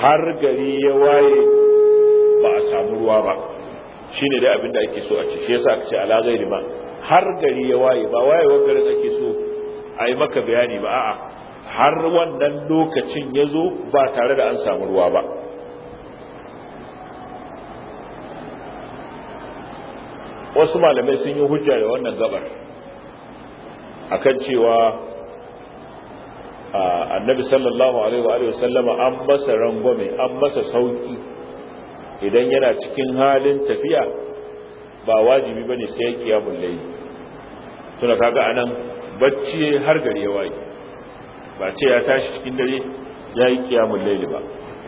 har gari ya waye ba a samu ruwa ba Shi ne dai abin da ake so a ci shi a aka ce ala zai ma har gari ya waye ba waye wa garin ake so a yi maka bayani ba a'a har wannan lokacin ya zo ba tare da an samu ruwa ba wasu malamai sun yi hujja da wannan gabar A kan cewa annabi sallallahu alaihi wa sallama an masa rangwame an masa sauki idan yana cikin halin tafiya ba wajibi ba ne sai ya kiyamun layi tuna kaga a nan bacci har gari ya waye ba ce ya tashi cikin dare ya yi kiyamun layi ba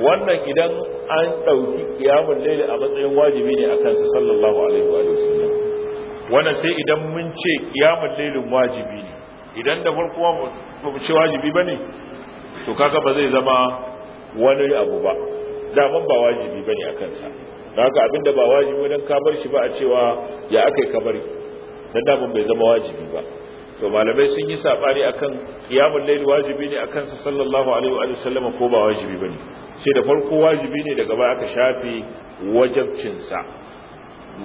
wannan idan an ɗauki kiyamun layi a matsayin wajibi ne a kansa sallallahu alaihi wa sallam wannan sai idan mun ce kiyamun lailin wajibi ne idan da farko ba mu ce wajibi ba ne to kaga ba zai zama wani abu ba daman ba wajibi bane a kansa da haka abinda ba wajibi wajen kamar shi ba a cewa ya aka yi kamar da daman bai zama wajibi ba to malamai sun yi a kan kiyamun laili wajibi ne a kansa sallallahu alaihi wa sallama ko ba wajibi ba ne shi da farko wajibi ne daga baya aka shafe wajabcinsa.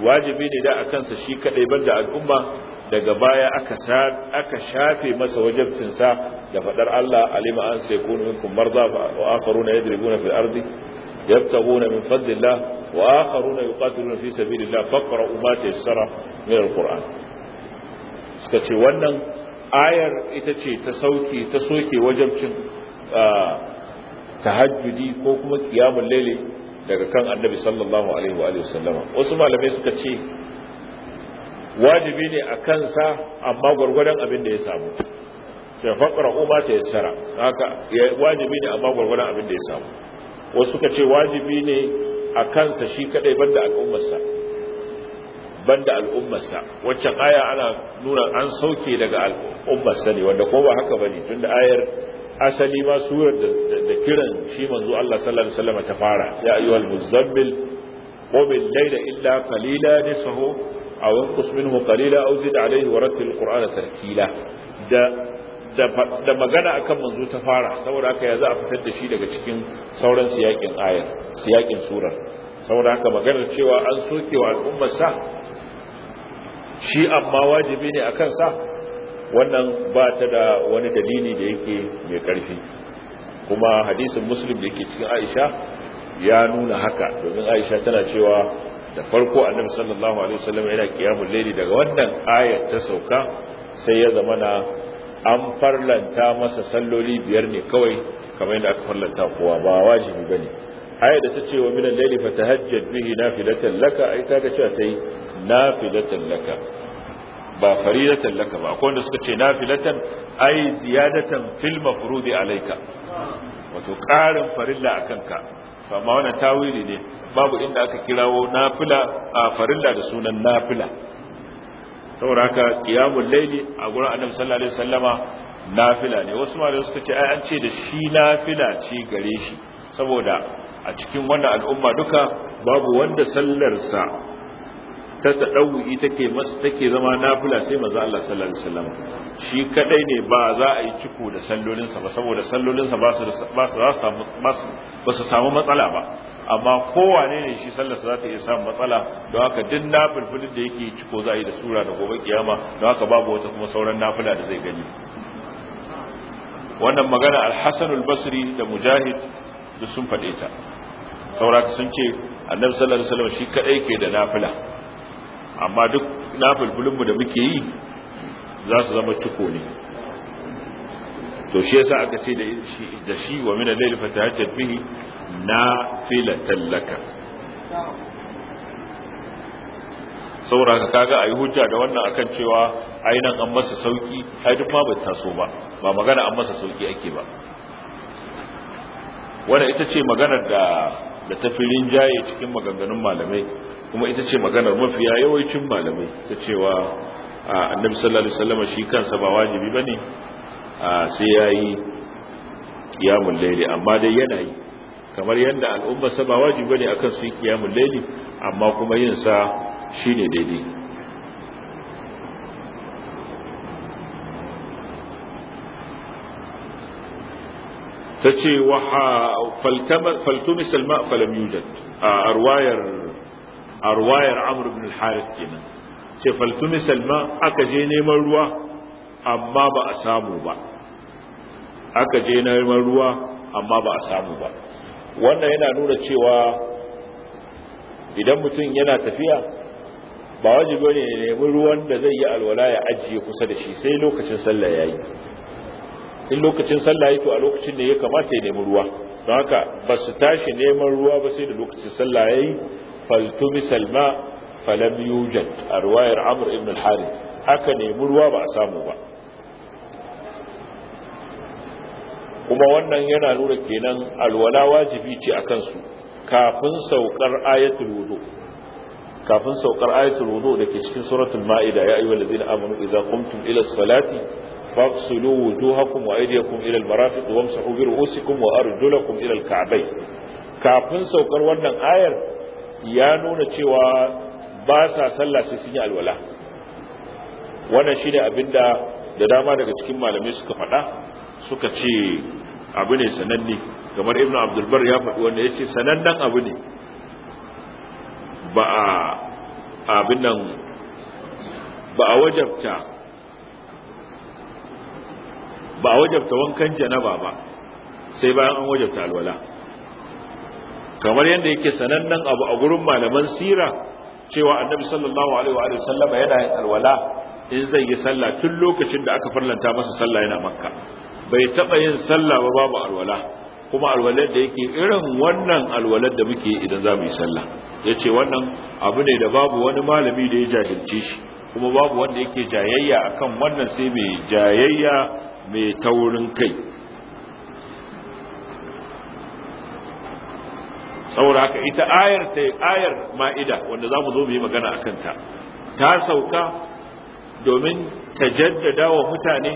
wajibi ne da a kansa shi kaɗai ban da al'umma daga baya aka shafe masa wajabcinsa da faɗar Allah alima an sai kunu minkum marda wa akharuna yadribuna fil ardi يبتغون من fadlillah الله وآخرون يقاتلون في سبيل الله ma tayassara min من suka ce wannan ayar ita ce ta sauke تهجدي soke wajabcin الليل ah, ko kuma qiyamul daga kan annabi sallallahu alaihi wa alihi wasallama wasu malamai suka ce wajibi ne a kansa amma gwargwadon abin da ya samu sai umma ta yassara haka wajibi ne amma gwargwadon abin da ya samu wasu ka ce wajibi ne a kansa shi kadai banda al'ummarsa banda al'ummarsa waccan aya ana nuna an sauke daga al'ummarsa ne wanda ko ba haka bane tunda ayar asali ma surar da kiran shi manzo Allah sallallahu alaihi wasallam ta fara ya ayyuhal muzammil qum al-layla illa qalila nisfahu aw inqus minhu qalila aw zid alayhi wa rattil qur'ana tartila da da magana akan manzo ta fara saboda haka ya za a fitar da shi daga cikin sauran siyakin ayar siyakin surar saboda haka maganar cewa an soke wa al'ummar sa shi amma wajibi ne akan sa wannan ba ta da wani dalili da yake mai ƙarfi. kuma hadisin muslim da yake cikin aisha ya nuna haka domin aisha tana cewa da farko annabi sallallahu alaihi wasallam yana kiyamul laili daga wannan ayar ta sauka sai ya zama na an farlanta masa salloli biyar ne kawai kamar yadda aka farlanta kowa ba wajibi bane aya da tace wa minan al-layli fatahajjad bihi nafilatan laka ai kaga cewa tai nafilatan laka ba faridatan laka ba akwai wanda suka ce nafilatan ai ziyadatan fil mafrudi alayka wato karin farilla akan ka amma wannan tawili ne babu inda aka kirawo nafila a farilla da sunan nafila saboda haka qiyamul layli a gurin annabi sallallahu alaihi wasallama nafila ne wasu malamai suka ce ai an ce da shi nafila ce gare shi saboda a cikin wannan al'umma duka babu wanda sallarsa ta tadawu'i take mas take zama nafila sai manzo Allah sallallahu alaihi wasallam shi kadai ne ba za a yi ciko da sallolin sa ba saboda sallolin sa ba su ba su samu ba su samu matsala ba amma kowane ne shi sallar sa za ta iya samu matsala don haka duk nafilfilin da yake ciko za a yi da sura da gobe kiyama don haka babu wata kuma sauran nafila da zai gani wannan magana al-Hasan al-Basri da Mujahid duk sun faɗe ta saurata sun ce annabi sallallahu alaihi wasallam shi kadai ke da nafila amma duk nafulfulinmu da muke yi za su zama ciko ne to shi yasa aka ce da shi wa min al-layli fatahajjat bihi fila tallaka saboda ka kaga ayi hujja da wannan akan cewa ai nan an masa sauki ai duk ma ba taso ba ba magana an masa sauki ake ba wannan ita ce maganar da da tafirin jaye cikin maganganun malamai kuma ita ce maganar mafiya yawancin malamai ta cewa annabi sallallahu alaihi wasallam shi kansa ba wajibi bane sai yayi qiyamul layli amma dai yana yi kamar yadda al'umma sa ba wajibi bane akan su yi qiyamul layli amma kuma yin sa shine daidai tace wa faltama faltumis alma falam yujad a arwayar a ruwayar amur bin al-harith kenan ce faltumi salma aka je neman ruwa amma ba a samu ba aka je neman ruwa amma ba a samu ba wannan yana nuna cewa idan mutum yana tafiya ba wajibi ne ya ruwan da zai yi alwala ya ajiye kusa da shi sai lokacin sallah yi in lokacin sallah yayi to a lokacin ne ya kamata ya nemi ruwa don haka ba su tashi neman ruwa ba sai da lokacin sallah yayi faltumis alma falam yujad a ruwayar amr ibn al-harith aka nemi ruwa ba a samu ba kuma wannan yana nuna kenan alwala wajibi ce akan su kafin saukar ayatul wudu kafin saukar ayatul wudu da ke cikin suratul ma'ida ya ayyuhal ladzina amanu idza qumtum ila salati fafsulu wujuhakum wa aydiyakum ila al marafiq wamsahu kafin saukar wannan ayar ya nuna cewa ba sa sallah sai sun yi alwala wannan shi ne abin da da dama daga cikin malamai suka faɗa suka ce abu ne sananne kamar ibnu abdulbar ya faɗi wanda ya ce sanannen abu ne ba a abin nan ba a wajabta ba a wajabta wankan janaba ba sai bayan an wajabta alwala kamar yadda yake sanannen abu a gurin malaman sira cewa annabi sallallahu alaihi wa sallama yana yin alwala in zai yi sallah tun lokacin da aka farlanta masa sallah yana makka bai taba yin sallah ba babu alwala kuma alwalar da yake irin wannan alwalar da muke idan za mu yi sallah ya ce wannan abu ne da babu wani malami da ya jahilci shi kuma babu wanda yake jayayya akan wannan sai mai jayayya mai taurin kai saboda haka ita ayar ta ayar ma'ida wanda za mu zo mu yi magana a kanta ta sauka domin ta jaddada wa mutane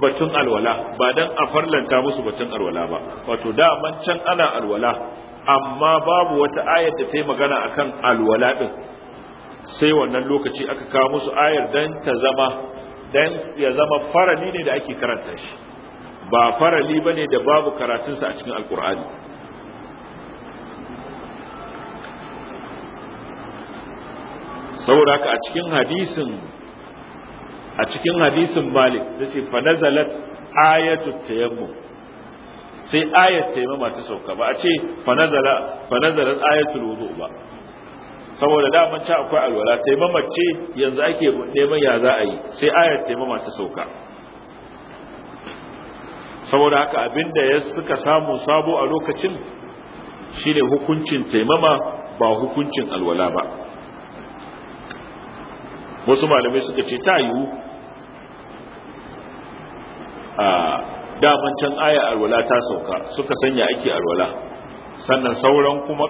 batun alwala ba dan a farlanta musu batun alwala ba wato daman can ana alwala amma babu wata ayar da ta yi magana akan alwala ɗin, sai wannan lokaci aka kawo musu ayar don ta zama don ya zama farali ne da ake karanta shi ba farali ba ne da babu karatunsa a cikin alkur'ani saboda haka a cikin hadisin a cikin hadisin malik ta ce fa nazalat ayatu tayammum sai ayat tayammuma ta sauka ba a ce fa nazala fa nazalat ayatul wudu ba saboda daman ci akwai alwala tayammuma ce yanzu ake neman ya za a yi sai ayat tayammuma ta sauka saboda haka abinda ya suka samu sabo a lokacin shine hukuncin taimama ba hukuncin alwala ba wasu malamai suka ce ta yiwu a daman can aya alwala ta sauka suka sanya ake alwala sannan sauran kuma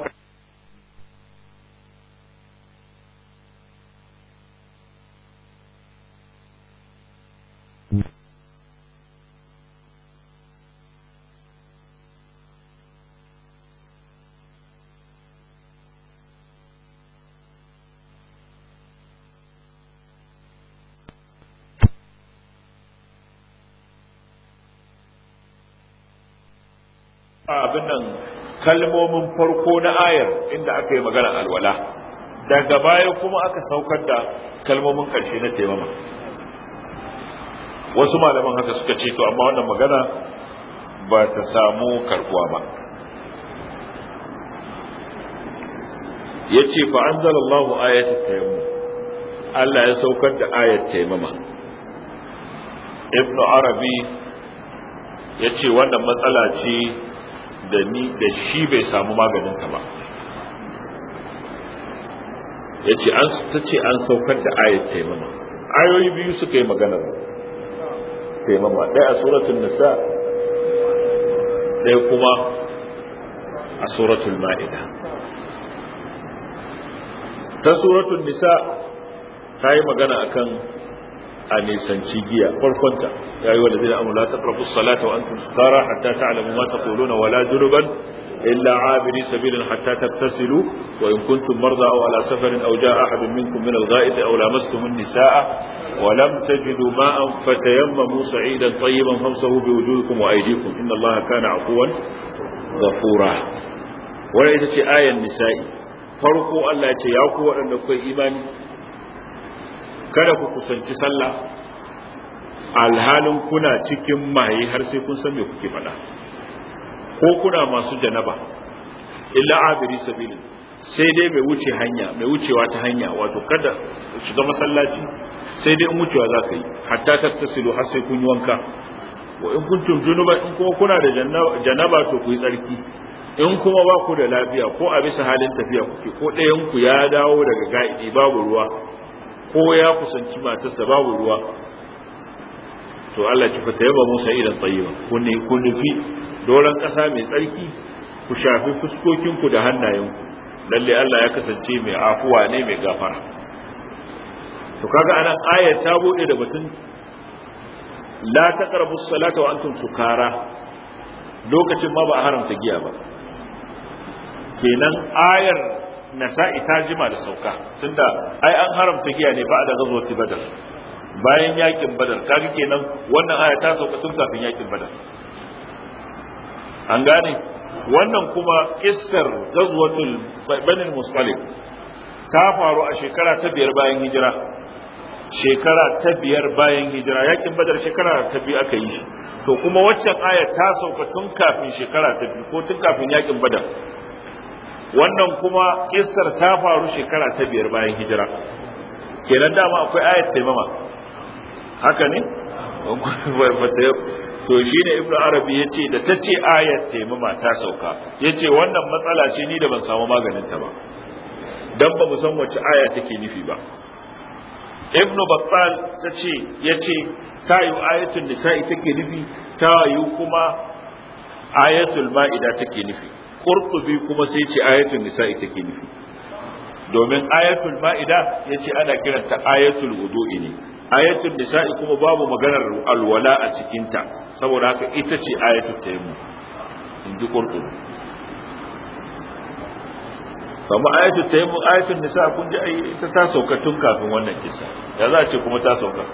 abin nan kalmomin farko na ayar inda aka yi magana alwala daga baya kuma aka saukar da kalmomin ƙarshe na taimama wasu malaman haka suka ce to amma wannan magana ba ta samu karbuwa ba ya ce fa an Allah ayatul taimama Allah ya saukar da ayat taimama ibnu arabi ya ce wannan matsala ce da ni da shi bai samu maganin ka ba yace an tace an saukar da ayat taimama ayoyi biyu suka yi magana taimama ɗaya a suratul nisa ɗaya kuma a suratul ma'ida ta suratul nisa ta yi magana akan a nisanci giya farkonta ya yi wadda zina amula ta ƙarfi salata wa an kun sukara hatta ta alamu ma ta kolona wala durban illa abiri sabilin hatta ta tasilu wa in kuntum marza aw ala safarin aw jaa ahadun minkum min al-gha'id aw lamastum an-nisaa wa lam tajidu ma'an fatayammamu sa'idan tayyiban famsahu bi wujuhikum wa aydikum inna Allaha kana 'afuwan ghafura wannan ita ce ayan nisa'i farko Allah ya ce ya ku waɗanda kuka imani kada ku kusanci sallah alhalin kuna cikin maye har sai kun san me kuke faɗa ko kuna masu janaba illa abiri sabili sai dai mai wuce hanya mai wucewa ta hanya wato kada shiga masallaci sai dai in wucewa za ka yi hatta tattasilu har sai kun yi wanka wa in kun junuba in kuma kuna da janaba to ku yi tsarki in kuma ba ku da lafiya ko a bisa halin tafiya kuke ko ɗayan ku ya dawo daga ga'idi babu ruwa ko ya kusanci matarsa babu ruwa to Allah ki fata yaba Musa idan tayyiba kunni ne ku nufi ƙasa mai tsarki ku shafi fuskokinku da hannayenku lalle Allah ya kasance mai afuwa ne mai gafara to kaga anan ayar ta bude da batun la taqrabu salata wa antum sukara lokacin ma ba haramta giya ba kenan ayar nasa'i ta jima da sauka tunda ai an haramta giya ne ba da gazwati badar bayan yakin badar kaga kenan wannan aya ta sauka tun kafin yakin badar an gane wannan kuma kissar gazwatul banin musqalib ta faru a shekara ta biyar bayan hijira shekara ta biyar bayan hijira yakin badar shekara ta biyu aka yi to kuma waccan aya ta sauka tun kafin shekara ta biyu ko tun kafin yakin badar wannan kuma kissar ta faru shekara ta biyar bayan hijira kenan dama akwai ayat taimama haka ne to shi ne ibnu arabi ya ce da ta ce ayat taimama ta sauka ya ce wannan matsala ce ni da ban samu maganinta ba dan ba mu san wace aya take nufi ba ibnu battal ta ce ya ta yi ayatul nisa'i take nufi ta yi kuma ayatul ma'ida take nufi qurtubi kuma sai ce ayatul nisa'i take nufi domin ayatul ma'ida yace ana kiranta ayatul wudu'i ne ayatul nisa'i kuma babu maganar alwala a cikinta saboda haka ita ce ayatul tayammum in ji qurtubi kuma ayatul tayammum ayatul nisa kun ji ai ita ta sauka tun kafin wannan kisa ya za a ce kuma ta sauka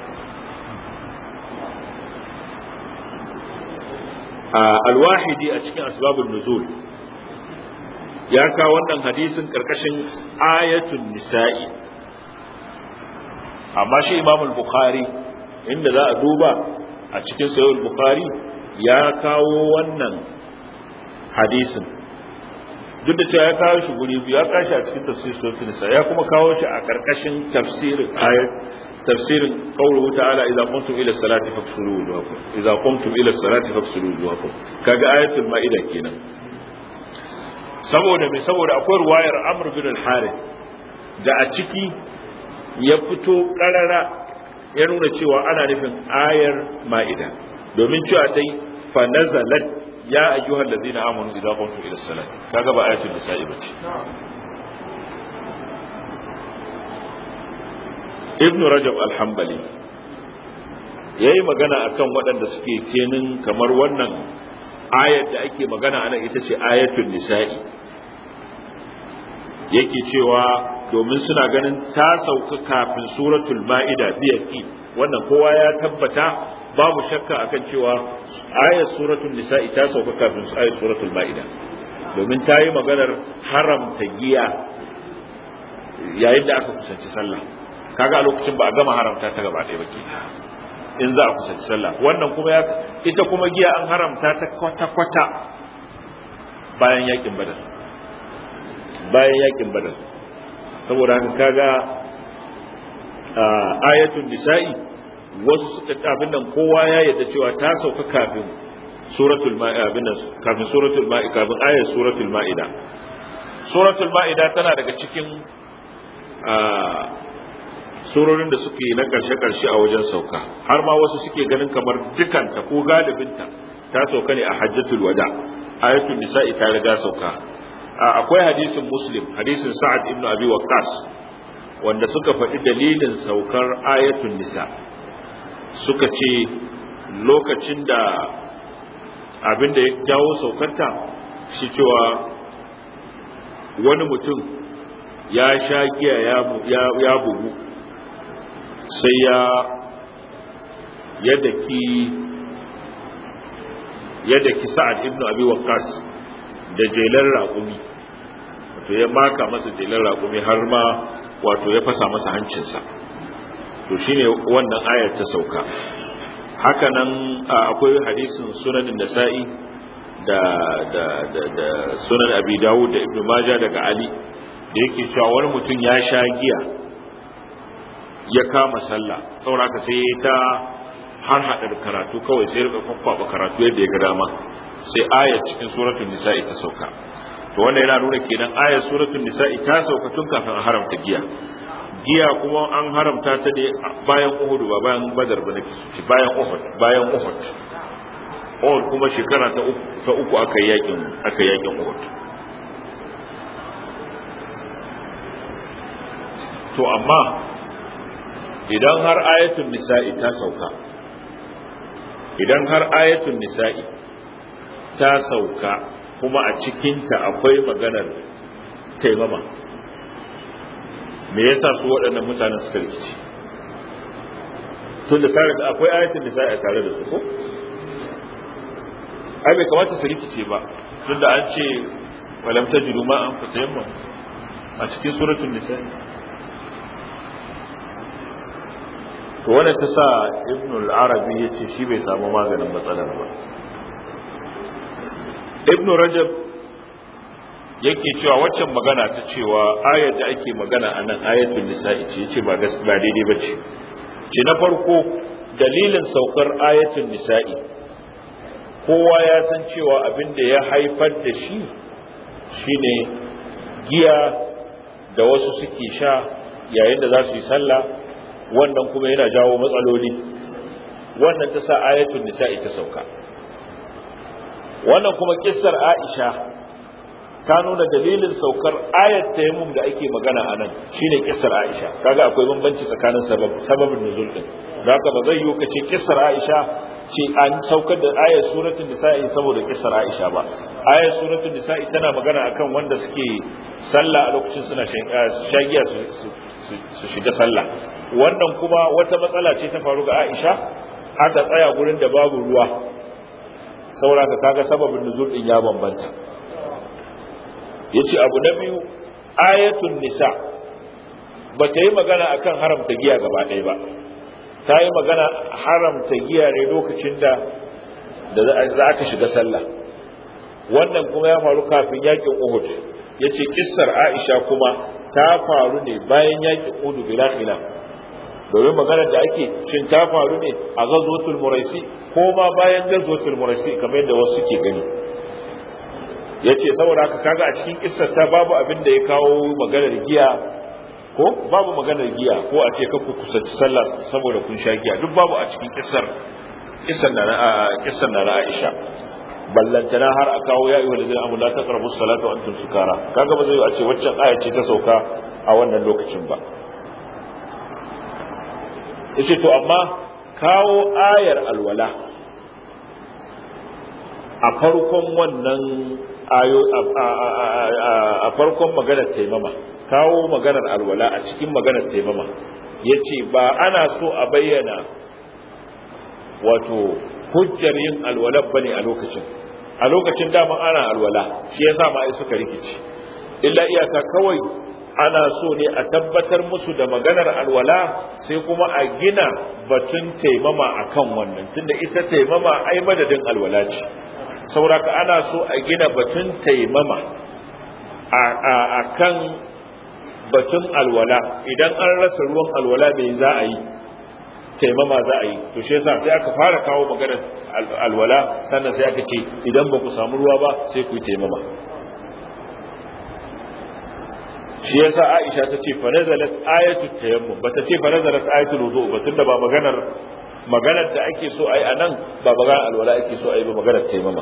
alwahidi a cikin asbabun nuzul ya kawo wannan hadisin karkashin ayatul nisa'i amma shi imam al-bukhari inda za a duba a cikin sahih bukhari ya kawo wannan hadisin duk da cewa ya kawo shi guri biyu ya kawo shi a cikin tafsir sahih nisa'i ya kuma kawo shi a karkashin tafsirin ayat tafsirin qawluhu ta'ala idza qumtum ila salati faghsilu wujuhakum idza qumtum ila salati faghsilu wujuhakum kaga ayatul ma'ida kenan saboda mai saboda akwai ruwayar amr bin al-harith da a ciki ya fito karara ya nuna cewa ana nufin ayar ma'ida domin cewa ta yi fanazalat ya na ladina amanu idza qumtum ila salat kaga ba ayatul nisa'i bace Ibn rajab Alhambali ya yi magana a kan waɗanda suke kenin kamar wannan ayar da ake magana ana ita ce ayatul nisa'i yake cewa domin suna ganin ta sauka kafin suratul ma'ida ki wannan kowa ya tabbata babu shakka akan cewa ayat suratul nisa'i ta sauka kafin ayat suratul ma'ida domin ta yi maganar haramta giya yayin da aka kusanci sallah kaga a lokacin ba a gama haramta ta gaba ɗaya ba in za a kusanci sallah wannan kuma ita kuma giya an haramta ta kwata-kwata bayan yakin badar bayan yakin badar saboda haka kaga ayatul bisa'i, wasu suka abin nan kowa ya yadda cewa ta sauka kafin suratul ma'ida abin nan kafin suratul ma'ida kafin ayat suratul ma'ida suratul ma'ida tana daga cikin surorin da suke na karshe-karshe a wajen sauka har ma wasu suke ganin kamar dukanta ko galibinta ta sauka ne a hajjatul wada ayatul nisa'i ta riga sauka akwai hadisin muslim hadisin sa'ad ibn abi waqqas wanda suka faɗi dalilin saukar ayatul nisa suka ce lokacin da abin da ya jawo saukarta shi cewa wani mutum ya sha giya ya bugu sai ya yadaki yadaki sa'ad ibn abi waqqas da jelar raƙumi to ya maka masa jelar raƙumi har ma wato ya fasa masa hancinsa to shine wannan ayar ta sauka hakanan akwai hadisin sunanin nasa'i da da da da sunan abi dawud da ibnu majah daga ali da yake cewa wani mutum ya sha giya ya kama sallah saboda haka sai ta har haɗar karatu kawai sai rika kwakwaba karatu yadda ya ga dama sai aya cikin suratul nisa'i ta sauka to wanda yana nuna kenan ayar suratul nisa'i ta sauka tun kafin a haramta giya giya kuma an haramta ta ne bayan Uhud ba bayan Badar ba ne bayan Uhud bayan Uhud Uhud kuma shekara ta uku ta uku aka yakin aka yakin Uhud to amma idan har ayatul nisa'i ta sauka idan har ayatul nisa'i ta sauka kuma a cikinta akwai maganar taimama me yasa su waɗannan mutanen suka rikici tun da tare da akwai ayatin nisa a tare da su ko ai bai kamata su rikice ba tun da an ce walam tajidu ma an fasayamma a cikin suratul nisa to wannan ta sa ibn al-arabi yace shi bai samu maganin matsalar ba ibn rajab yake cewa waccan magana ta cewa ayar da ake magana a nan ayatul nisa'i ce ce ba gaskiya daidai ba ce ce na farko dalilin saukar ayatul nisa'i kowa ya san cewa abin da ya haifar da shi shine giya da wasu suke sha yayin da za su yi sallah wannan kuma yana jawo matsaloli wannan ta sa ayatul nisa'i ta sauka wannan kuma kissar aisha ta nuna dalilin saukar ayat tayammum da ake magana a nan shine kissar aisha kaga akwai bambanci tsakanin sabab sababin nuzul din haka ba zai yiwu ka ce kissar aisha ce an saukar da ayat suratul nisa'i saboda kissar aisha ba ayat suratul nisa'i tana magana akan wanda suke sallah a lokacin suna shagiya eh, su shiga sallah wannan kuma wata matsala ce ta faru ga aisha aka tsaya gurin da babu ruwa saura ka kaga sababin nuzul din ya bambanta yace abu na biyu ayatun nisa ba ta yi magana akan haramta giya gaba ɗaya ba ta yi magana haramta giya ne lokacin da da aka shiga sallah wannan kuma ya faru kafin yakin Uhud yace kissar Aisha kuma ta faru ne bayan yakin Uhud bila khilaf domin maganar da ake shin ta faru ne a gazotul muraisi ko ma bayan gazotul muraisi kamar yadda wasu suke gani yace saboda haka kaga a cikin kissar ta babu abin da ya kawo maganar giya ko babu maganar giya ko a ce ku kusanci sallah saboda kun sha giya duk babu a cikin kissar na na ballanta na har a kawo ya yi walidin amma la ta karbu salatu an sukara kaga ba zai a ce waccan aya ce ta sauka a wannan lokacin ba yace to amma kawo ayar alwala a farkon wannan ayo a farkon maganar taimama kawo maganar alwala a cikin maganar taimama yace ba ana so a bayyana wato hujjar yin alwala bane a lokacin a lokacin dama ana alwala shi yasa ma ai suka rikici illa iyaka kawai ana so ne a tabbatar musu da maganar alwala sai kuma a gina batun taimama a kan wannan tunda ita taimama ai madadin alwala ce sauraka ana so a gina batun taimama a kan batun alwala idan an rasa ruwan alwala me za a yi taimama za a yi to shi yasa sai aka fara kawo maganar alwala sannan sai aka ce idan ba ku samu ruwa ba sai ku yi taimama shi yasa Aisha ta ce farazalat ayatu tayammum bata ce farazalat ayatul wudu ba tunda ba maganar maganar da ake so ai anan ba maganar alwala ake so ai ba maganar taimama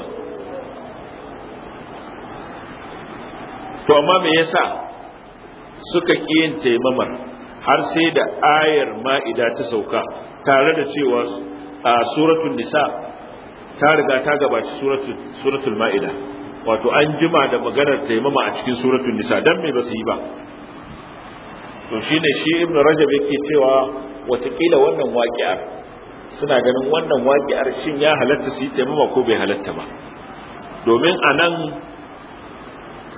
to amma me yasa suka ki yin taimamar har sai da ayar ma'ida ta sauka tare da cewa a suratul nisa ta riga ta gabaci suratul ma'ida wato an jima da maganar taimama a cikin suratun nisa dan me ba su yi ba to shine shi ibn rajab yake cewa watakila wannan waƙi'ar suna ganin wannan waƙi'ar shin ya halatta su yi taimama ko bai halatta ba domin a nan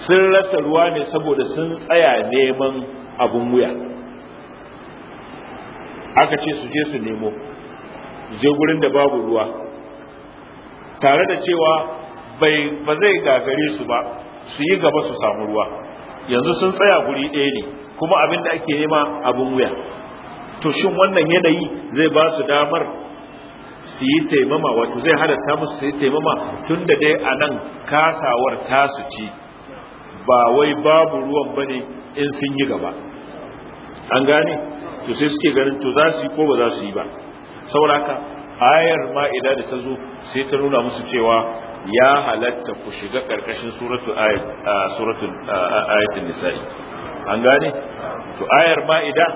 sun rasa ruwa ne saboda sun tsaya neman abun wuya aka ce su je su nemo je gurin da babu ruwa tare da cewa bai ba zai gagare su ba su yi gaba su samu ruwa yanzu sun tsaya guri ɗaya ne kuma abin da ake nema abin wuya to shin wannan yanayi zai ba su damar su yi taimama wato zai halatta musu su yi taimama tun da dai a nan kasawar tasu ci ba wai babu ruwan ba ne in sun yi gaba an gane to sai suke ganin to za su yi ko ba za su yi ba sauraka ayar ma'ida da ta zo sai ta nuna musu cewa ya halatta ku shiga karkashin suratul ayat suratul ayatul nisa'i an gane to ayar ma'ida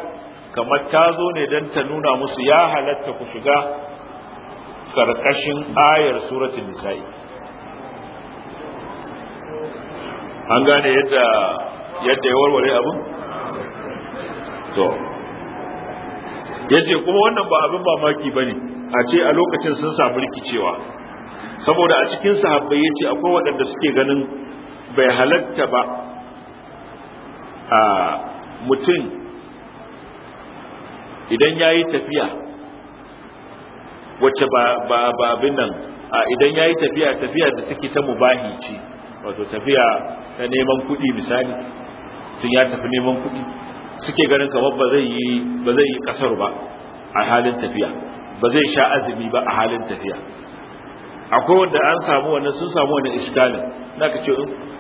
kamar ta zo ne dan ta nuna musu ya halatta ku shiga karkashin ayar suratul nisa'i an gane yadda yadda ya warware abin to yace kuma wannan ba abin mamaki bane a ce a lokacin sun samu rikicewa saboda a cikin sahabbai ya ce akwai waɗanda suke ganin bai halatta ba a mutum idan ya yi tafiya wacce ba abin nan idan ya yi tafiya tafiya da take ta mubahi ce wato tafiya ta neman kuɗi misali sun ya tafi neman kuɗi suke ganin kamar ba zai yi ba zai yi ƙasar ba a halin tafiya ba zai sha azumi ba a halin tafiya akwai wanda an samu wannan sun samu wannan iskalin na ka ce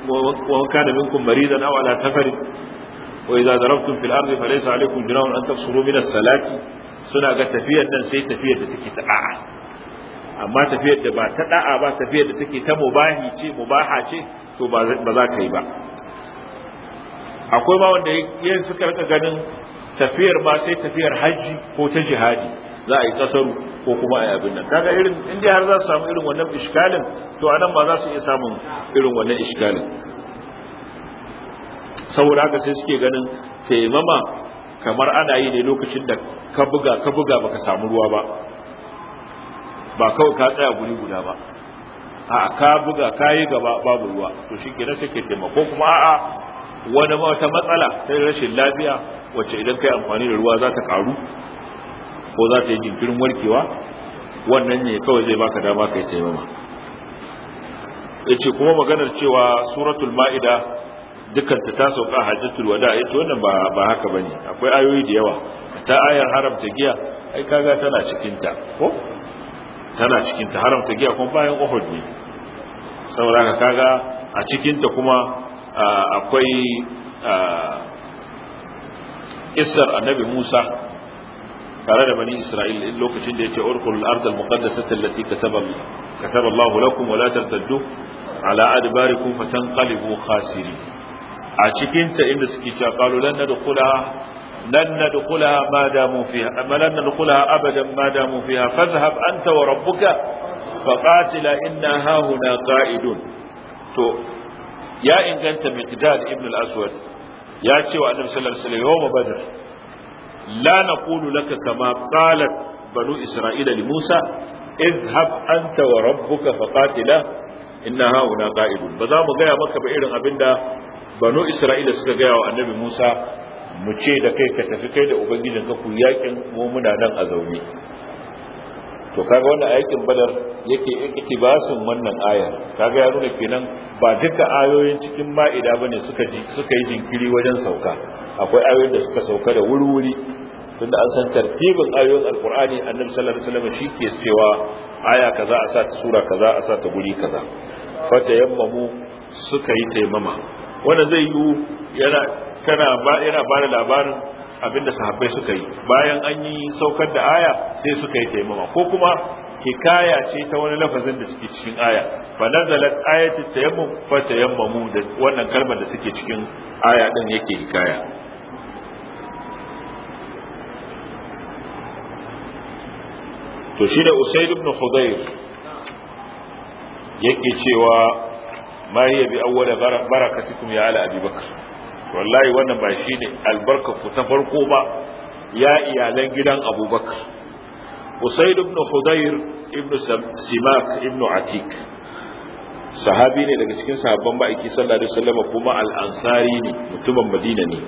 wa kana minkum maridan aw ala safarin wa idza darabtum fil ardi falaysa alaykum wanda. an taqsuru min salati suna ga tafiyar nan sai tafiyar da take ta da'a amma tafiyar da ba ta da'a ba tafiyar da take ta mubahi ce mubaha ce to ba za ka yi ba akwai ma wanda yin suka rika ganin tafiyar ma sai tafiyar hajji ko ta jihadi za a yi kasaru ko kuma a yi nan kaga irin inda har za su samu irin wannan iskalin to anan ba za su iya samun irin wannan iskalin saboda haka sai suke ganin taimama kamar ana yi ne lokacin da ka buga ka buga baka samu ruwa ba ba kawai ka tsaya guri guda ba a ka buga ka yi gaba babu ruwa to shi kenan sai ke taimako kuma a'a wani wata matsala sai rashin lafiya wacce idan kai amfani da ruwa za ta karu ko za ta yi jinkirin warkewa wannan ne kawai zai baka dama kai taimama ce kuma maganar cewa suratul ma'ida dukkan ta ta sauka hajjatul wada ce eh wannan ba haka ba ne. akwai ayoyi da yawa ta ayar haramta giya ai kaga tana cikin ta ko tana cikin ta haramta giya kuma bayan Uhud ne saboda kaga a cikin ta kuma akwai kissar annabi Musa tare da bani Isra'il lokacin da yace urqul ard al muqaddasata allati kataba kataba Allah lakum wa la tartaddu ala adbarikum fatanqalibu khasirin a cikin ta inda suke cewa qalu lan nadkhulaha lan nadkhulaha ma damu fiha amma lan nadkhulaha abadan ma damu fiha fadhhab anta wa rabbuka faqatila inna hahuna qa'idun to ya inganta miqdad ibn al aswad ya ce wa annabi sallallahu alaihi wasallam yawma badr لا نقول لك kama قالت banu isra'ila لموسى musa izhab وربك wa إن هؤلاء قائد hauna qa'idun ba za mu gaya maka ba irin da banu isra'ila suka gaya annabi musa mu ce da kai ka tafi kai da ubangijin ku yakin mu muna nan a zaune to kaga wannan aikin badar yake ba iktibasin wannan ayar kaga ya nuna kenan ba duka ayoyin cikin ma'ida bane suka ji suka yi jinkiri wajen sauka akwai ayoyin da suka sauka da wurwuri tunda an san tartibin ayoyin alkur'ani annabi sallallahu alaihi wasallam shi ke cewa aya kaza a sa ta sura kaza a sa ta guri kaza fata yammamu suka yi taimama wannan zai yiwu yana kana ba yana ba da labarin abinda sahabbai suka yi bayan an yi saukar da aya sai suka yi taimama ko kuma hikaya ce ta wani lafazin da suke cikin aya fa nazalat ayatu tayammum fa tayammamu da wannan kalmar da take cikin aya din yake hikaya to shi da usaid ibn khudayr yake cewa ma hiya bi awwal barakatikum ya ala abi bakr wallahi wannan ba ne, albarka ku ta farko ba ya iyalan gidan abubakar usaid ibn khudayr ibn simak ibn atik sahabi ne daga cikin sahabban ma'aiki sallallahu alaihi wasallam kuma al-ansari ne mutumin madina ne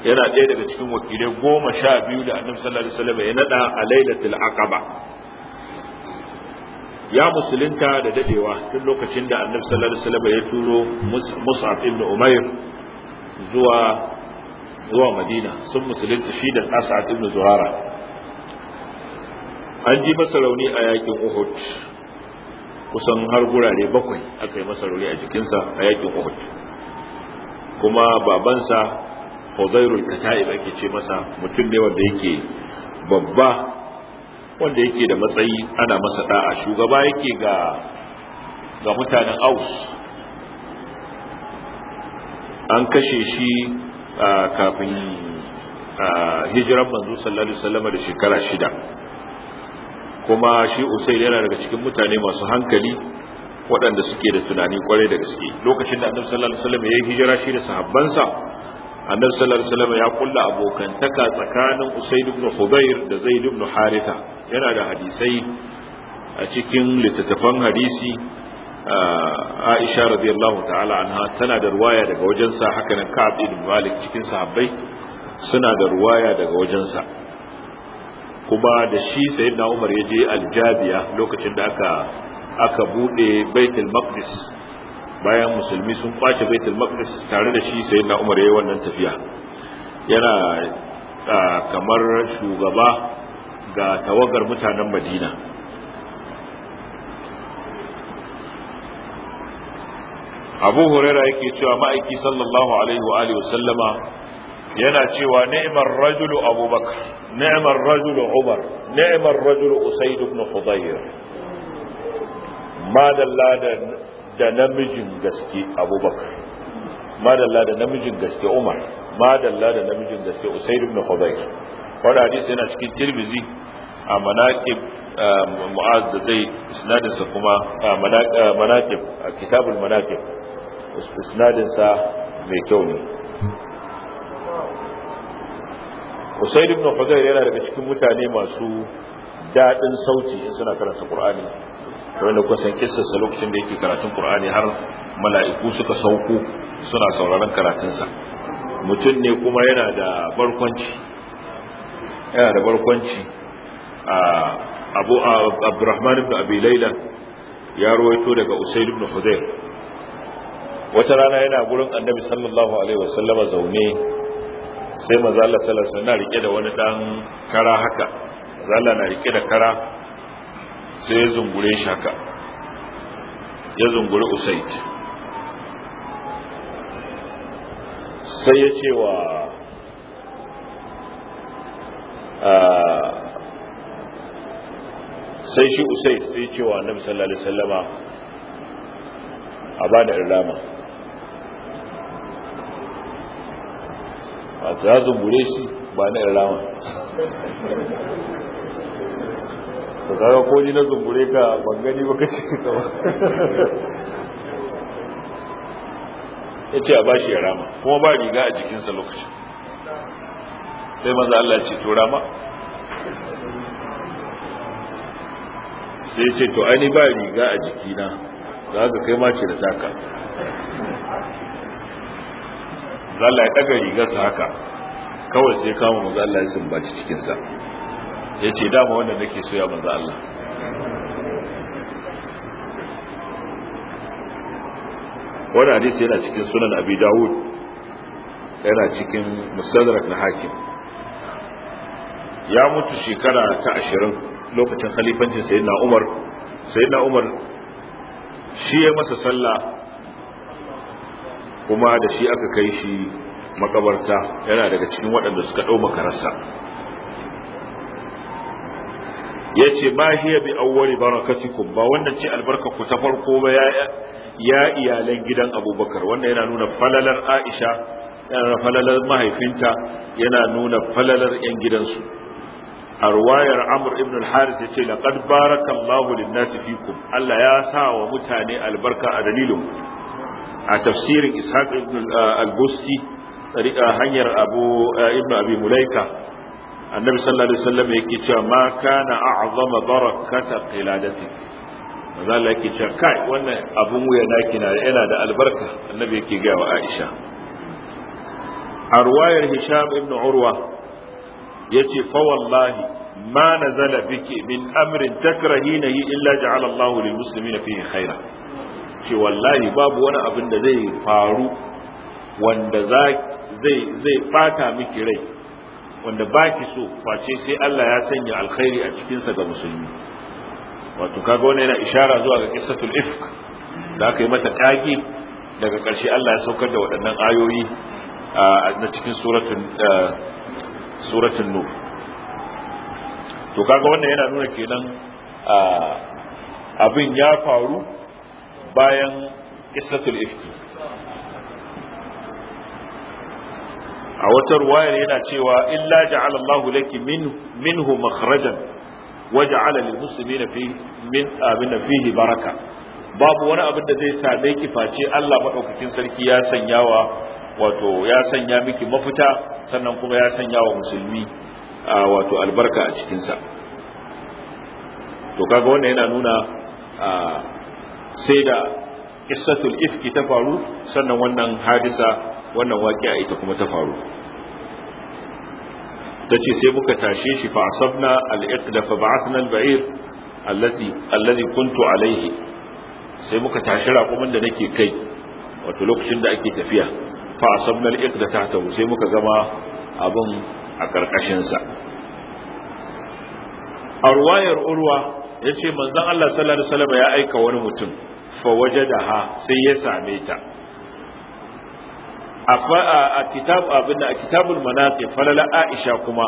yana ɗaya daga cikin wakilai goma sha biyu da annabi sallallahu alaihi wasallam ya nada a lailatul aqaba ya musulunta da dadewa tun lokacin da annabi sallallahu alaihi wasallam ya turo mus'ab ibn umair zuwa zuwa madina sun musulunta shi da as'ad ibn zuhara an ji masa rauni a yakin uhud kusan har gurare bakwai aka yi masa rauni a jikinsa a yakin uhud kuma babansa hudairul kata'ib ake ce masa mutum ne wanda yake babba wanda yake da matsayi ana masa da'a shugaba yake ga ga mutanen aus an kashe shi kafin hijiran manzo sallallahu alaihi wasallam da shekara shida kuma shi usayl yana daga cikin mutane masu hankali waɗanda suke da tunani kwarai da gaske lokacin da annabi sallallahu alaihi wasallam ya yi hijira shi da sahabbansa annabi sallallahu alaihi wasallam ya kulla abokantaka tsakanin usayl ibn hudayr da zaid ibn haritha yana da hadisai a cikin littattafan hadisi Aisha radiyallahu ta'ala anha tana da ruwaya daga wajensa haka nan Ka'ab ibn Malik cikin sahabbai suna da ruwaya daga wajensa kuma da shi sayyidina Umar ya je Aljabiya lokacin da aka aka bude Baitul Maqdis bayan musulmi sun kwace Baitul Maqdis tare da shi sayyidina Umar ya yi wannan tafiya yana kamar shugaba ga tawagar mutanen madina abu huraira yake cewa ma'aiki sallallahu alaihi wa alihi wasallama yana cewa ni'mar rajulu abubakar ni'mar rajulu umar ni'mar rajulu usaid ibn hudayr madalla da da namijin gaske abubakar madalla da namijin gaske umar madalla da namijin gaske usaid ibn hudayr wani hadisi yana cikin tirmizi a manaqib mu'az da zai sinadinsa kuma a manaqib a kitabul manaqib sinadinsa mai kyau ne Usaid ibn Hudayr yana daga cikin mutane masu daɗin sauti in suna karanta Qur'ani wanda kuka san kissarsa lokacin da yake karatun Qur'ani har mala'iku suka sauko suna sauraron karatunsa mutum ne kuma yana da barkwanci yana da barkwanci abu abdurrahman ibn abi laila ya rawaito daga usaid ibn hudayr wata rana yana gurin annabi sallallahu alaihi wasallama zaune sai manzo Allah sallallahu alaihi wasallam rike da wani dan kara haka zalla na rike da kara sai ya zungure shi haka ya zungure usaid sai ya ce wa sai shi usai sai cewa annabi sallallahu alaihi wasallama a da irama a ta zumbure shi ba na irama ta zara ko ni na zumbure ka ban gani ba kace ka ba ce a bashi irama kuma ba riga a jikinsa lokacin sai maza Allah ce to rama sai ce to ani ba riga a jikina za ka kai ma ce da taka Allah ya daga rigarsa haka kawai sai kama maza Allah ya sumbaci cikinsa. Ya ce dama wanda nake so ya maza Allah wani hadisi yana cikin sunan abi dawud yana cikin musadrak na hakim ya mutu shekara ta ashirin lokacin khalifancin sayyidina umar sayyidina umar shi ya masa sallah kuma da shi aka kai shi makabarta yana daga cikin waɗanda suka ɗau makararsa ya ce ba hiya bi awwali barakatikum ba wannan ce albarka ku ta farko ba ya iyalan gidan abubakar wanda yana nuna falalar aisha yana nuna falalar mahaifinta yana nuna falalar 'yan gidansu a ruwayar amr ibn al-harith yace laqad Barakan lin-nasi fikum Allah ya sa wa mutane albarka a dalilin a tafsirin ishaq ibn al-busti hanyar abu ibn abi mulaika annabi sallallahu alaihi wasallam yake cewa ma kana a'zama barakata qiladatik manzo Allah yake cewa kai wannan abun wuya naki na yana da albarka annabi yake ga wa Aisha a ruwayar hisham ibn urwa yace fa wallahi ma nazala biki min amrin takrahinahi illa ja'ala Allahu lil muslimina fihi khaira ce wallahi babu wani abin da zai faru wanda zai zai fata miki rai wanda baki so face sai Allah ya sanya alkhairi a cikin sa ga musulmi wato kaga wannan yana ishara zuwa ga qissatul ifk da aka yi mata taki daga ƙarshe Allah ya saukar da waɗannan ayoyi na cikin suratul eh, suratul nur to kaga wannan yana nuna kenan abin ya faru bayan isatul ifki a wata ruwayar yana cewa illa ja'ala Allahu laki minhu makhrajan ja'ala lil muslimina fi min abin fihi baraka babu wani abin da zai same ki face Allah madaukakin sarki ya sanyawa wato ya sanya miki mafita sannan kuma ya sanya wa musulmi wato albarka a cikinsa to kaga wannan yana nuna sai da qissatul iski ta faru sannan wannan hadisa wannan a ita kuma ta faru tace sai muka tashe shi fa asabna al-iqda fa ba'athna al-ba'ir allazi kuntu alayhi sai muka tashi raƙumin da nake kai wato lokacin da ake tafiya fa asabna al-iqda tahtahu sai muka gama abun a karkashin sa arwayar urwa yace manzon Allah sallallahu alaihi wasallam ya aika wani mutum fa wajadaha sai ya same ta a kitab abin da a kitabul manaqib falala Aisha kuma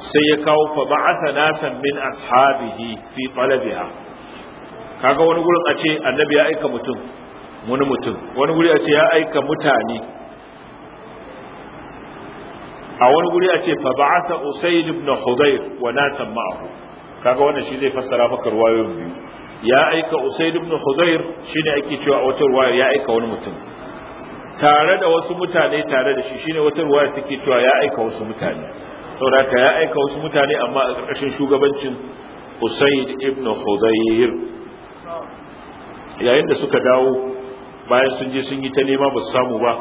sai ya kawo fa ba'atha nasan min ashabihi fi talabiha kaga wani gurin a ce annabi ya aika mutum wani mutum wani guri a ce ya aika mutane a wani guri a ce faba'ata usayd ibn hudayr wa nasan ma'ahu kaga wannan shi zai fassara maka ruwayoyin biyu ya aika usayd ibn hudayr shine ake cewa a wata ruwaya ya aika wani mutum tare da wasu mutane tare da shi shine wata ruwaya take cewa ya aika wasu mutane saboda ya aika wasu mutane amma a ƙarƙashin shugabancin usayd ibn hudayr yayin da suka dawo bayan sun je sun yi ta nema ba su samu ba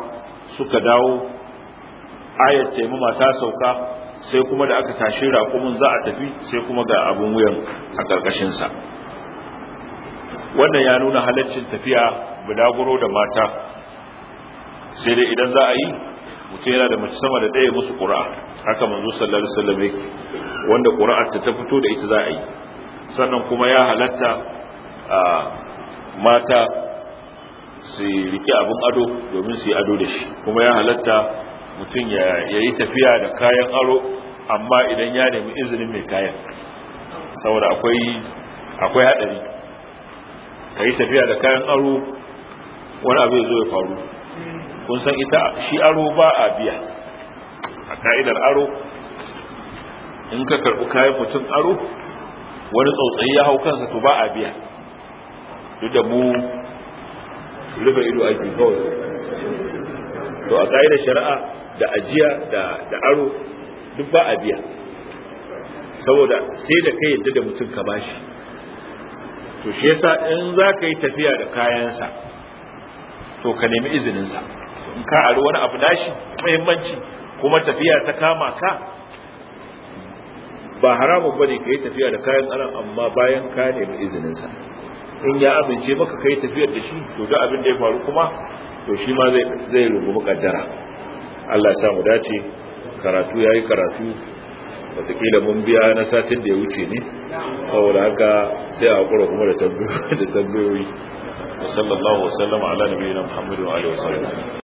suka dawo ayat taimama ta sauka sai kuma da aka tashi raƙumin za a tafi sai kuma ga abin wuyan a ƙarƙashinsa wannan ya nuna halaccin tafiya budaguro da mata sai dai idan za a yi mutum yana da mace sama da ɗaya musu ƙura'a haka manzo sallallahu alaihi wasallam wanda ƙura'ar ta ta fito da ita za a yi sannan kuma ya halatta mata su rike abin ado domin su yi ado da shi kuma ya halatta mutum ya yi tafiya da kayan aro amma idan ya nemi izinin mai kayan saboda akwai akwai hadari ka yi tafiya da kayan aro wani abu ya zo ya faru kun san ita shi aro ba a biya a ka'idar aro in ka karɓi kayan mutum aro wani tsautsayi ya hau kansa to ba a biya duk da mu rufe ido ake kawai to a da shari'a da ajiya da aro duk ba a biya saboda sai da kai yadda da mutum ka bashi to shi yasa in za ka yi tafiya da kayansa to ka nemi izininsa in ka ari wani abu nashi muhimmanci kuma tafiya ta kama ka ba haramun bane ka yi tafiya da kayan anan amma bayan ka nemi izininsa in ya amince maka kai tafiyar da shi to duk abin da ya faru kuma to shi ma zai zai rungumi kaddara Allah ya mu dace karatu yayi karatu wataƙila mun biya na satin da ya wuce ne saboda haka sai a hakura kuma da tambayoyi da tambayoyi sallallahu wasallama ala nabiyina muhammadin wa sallam. wasallam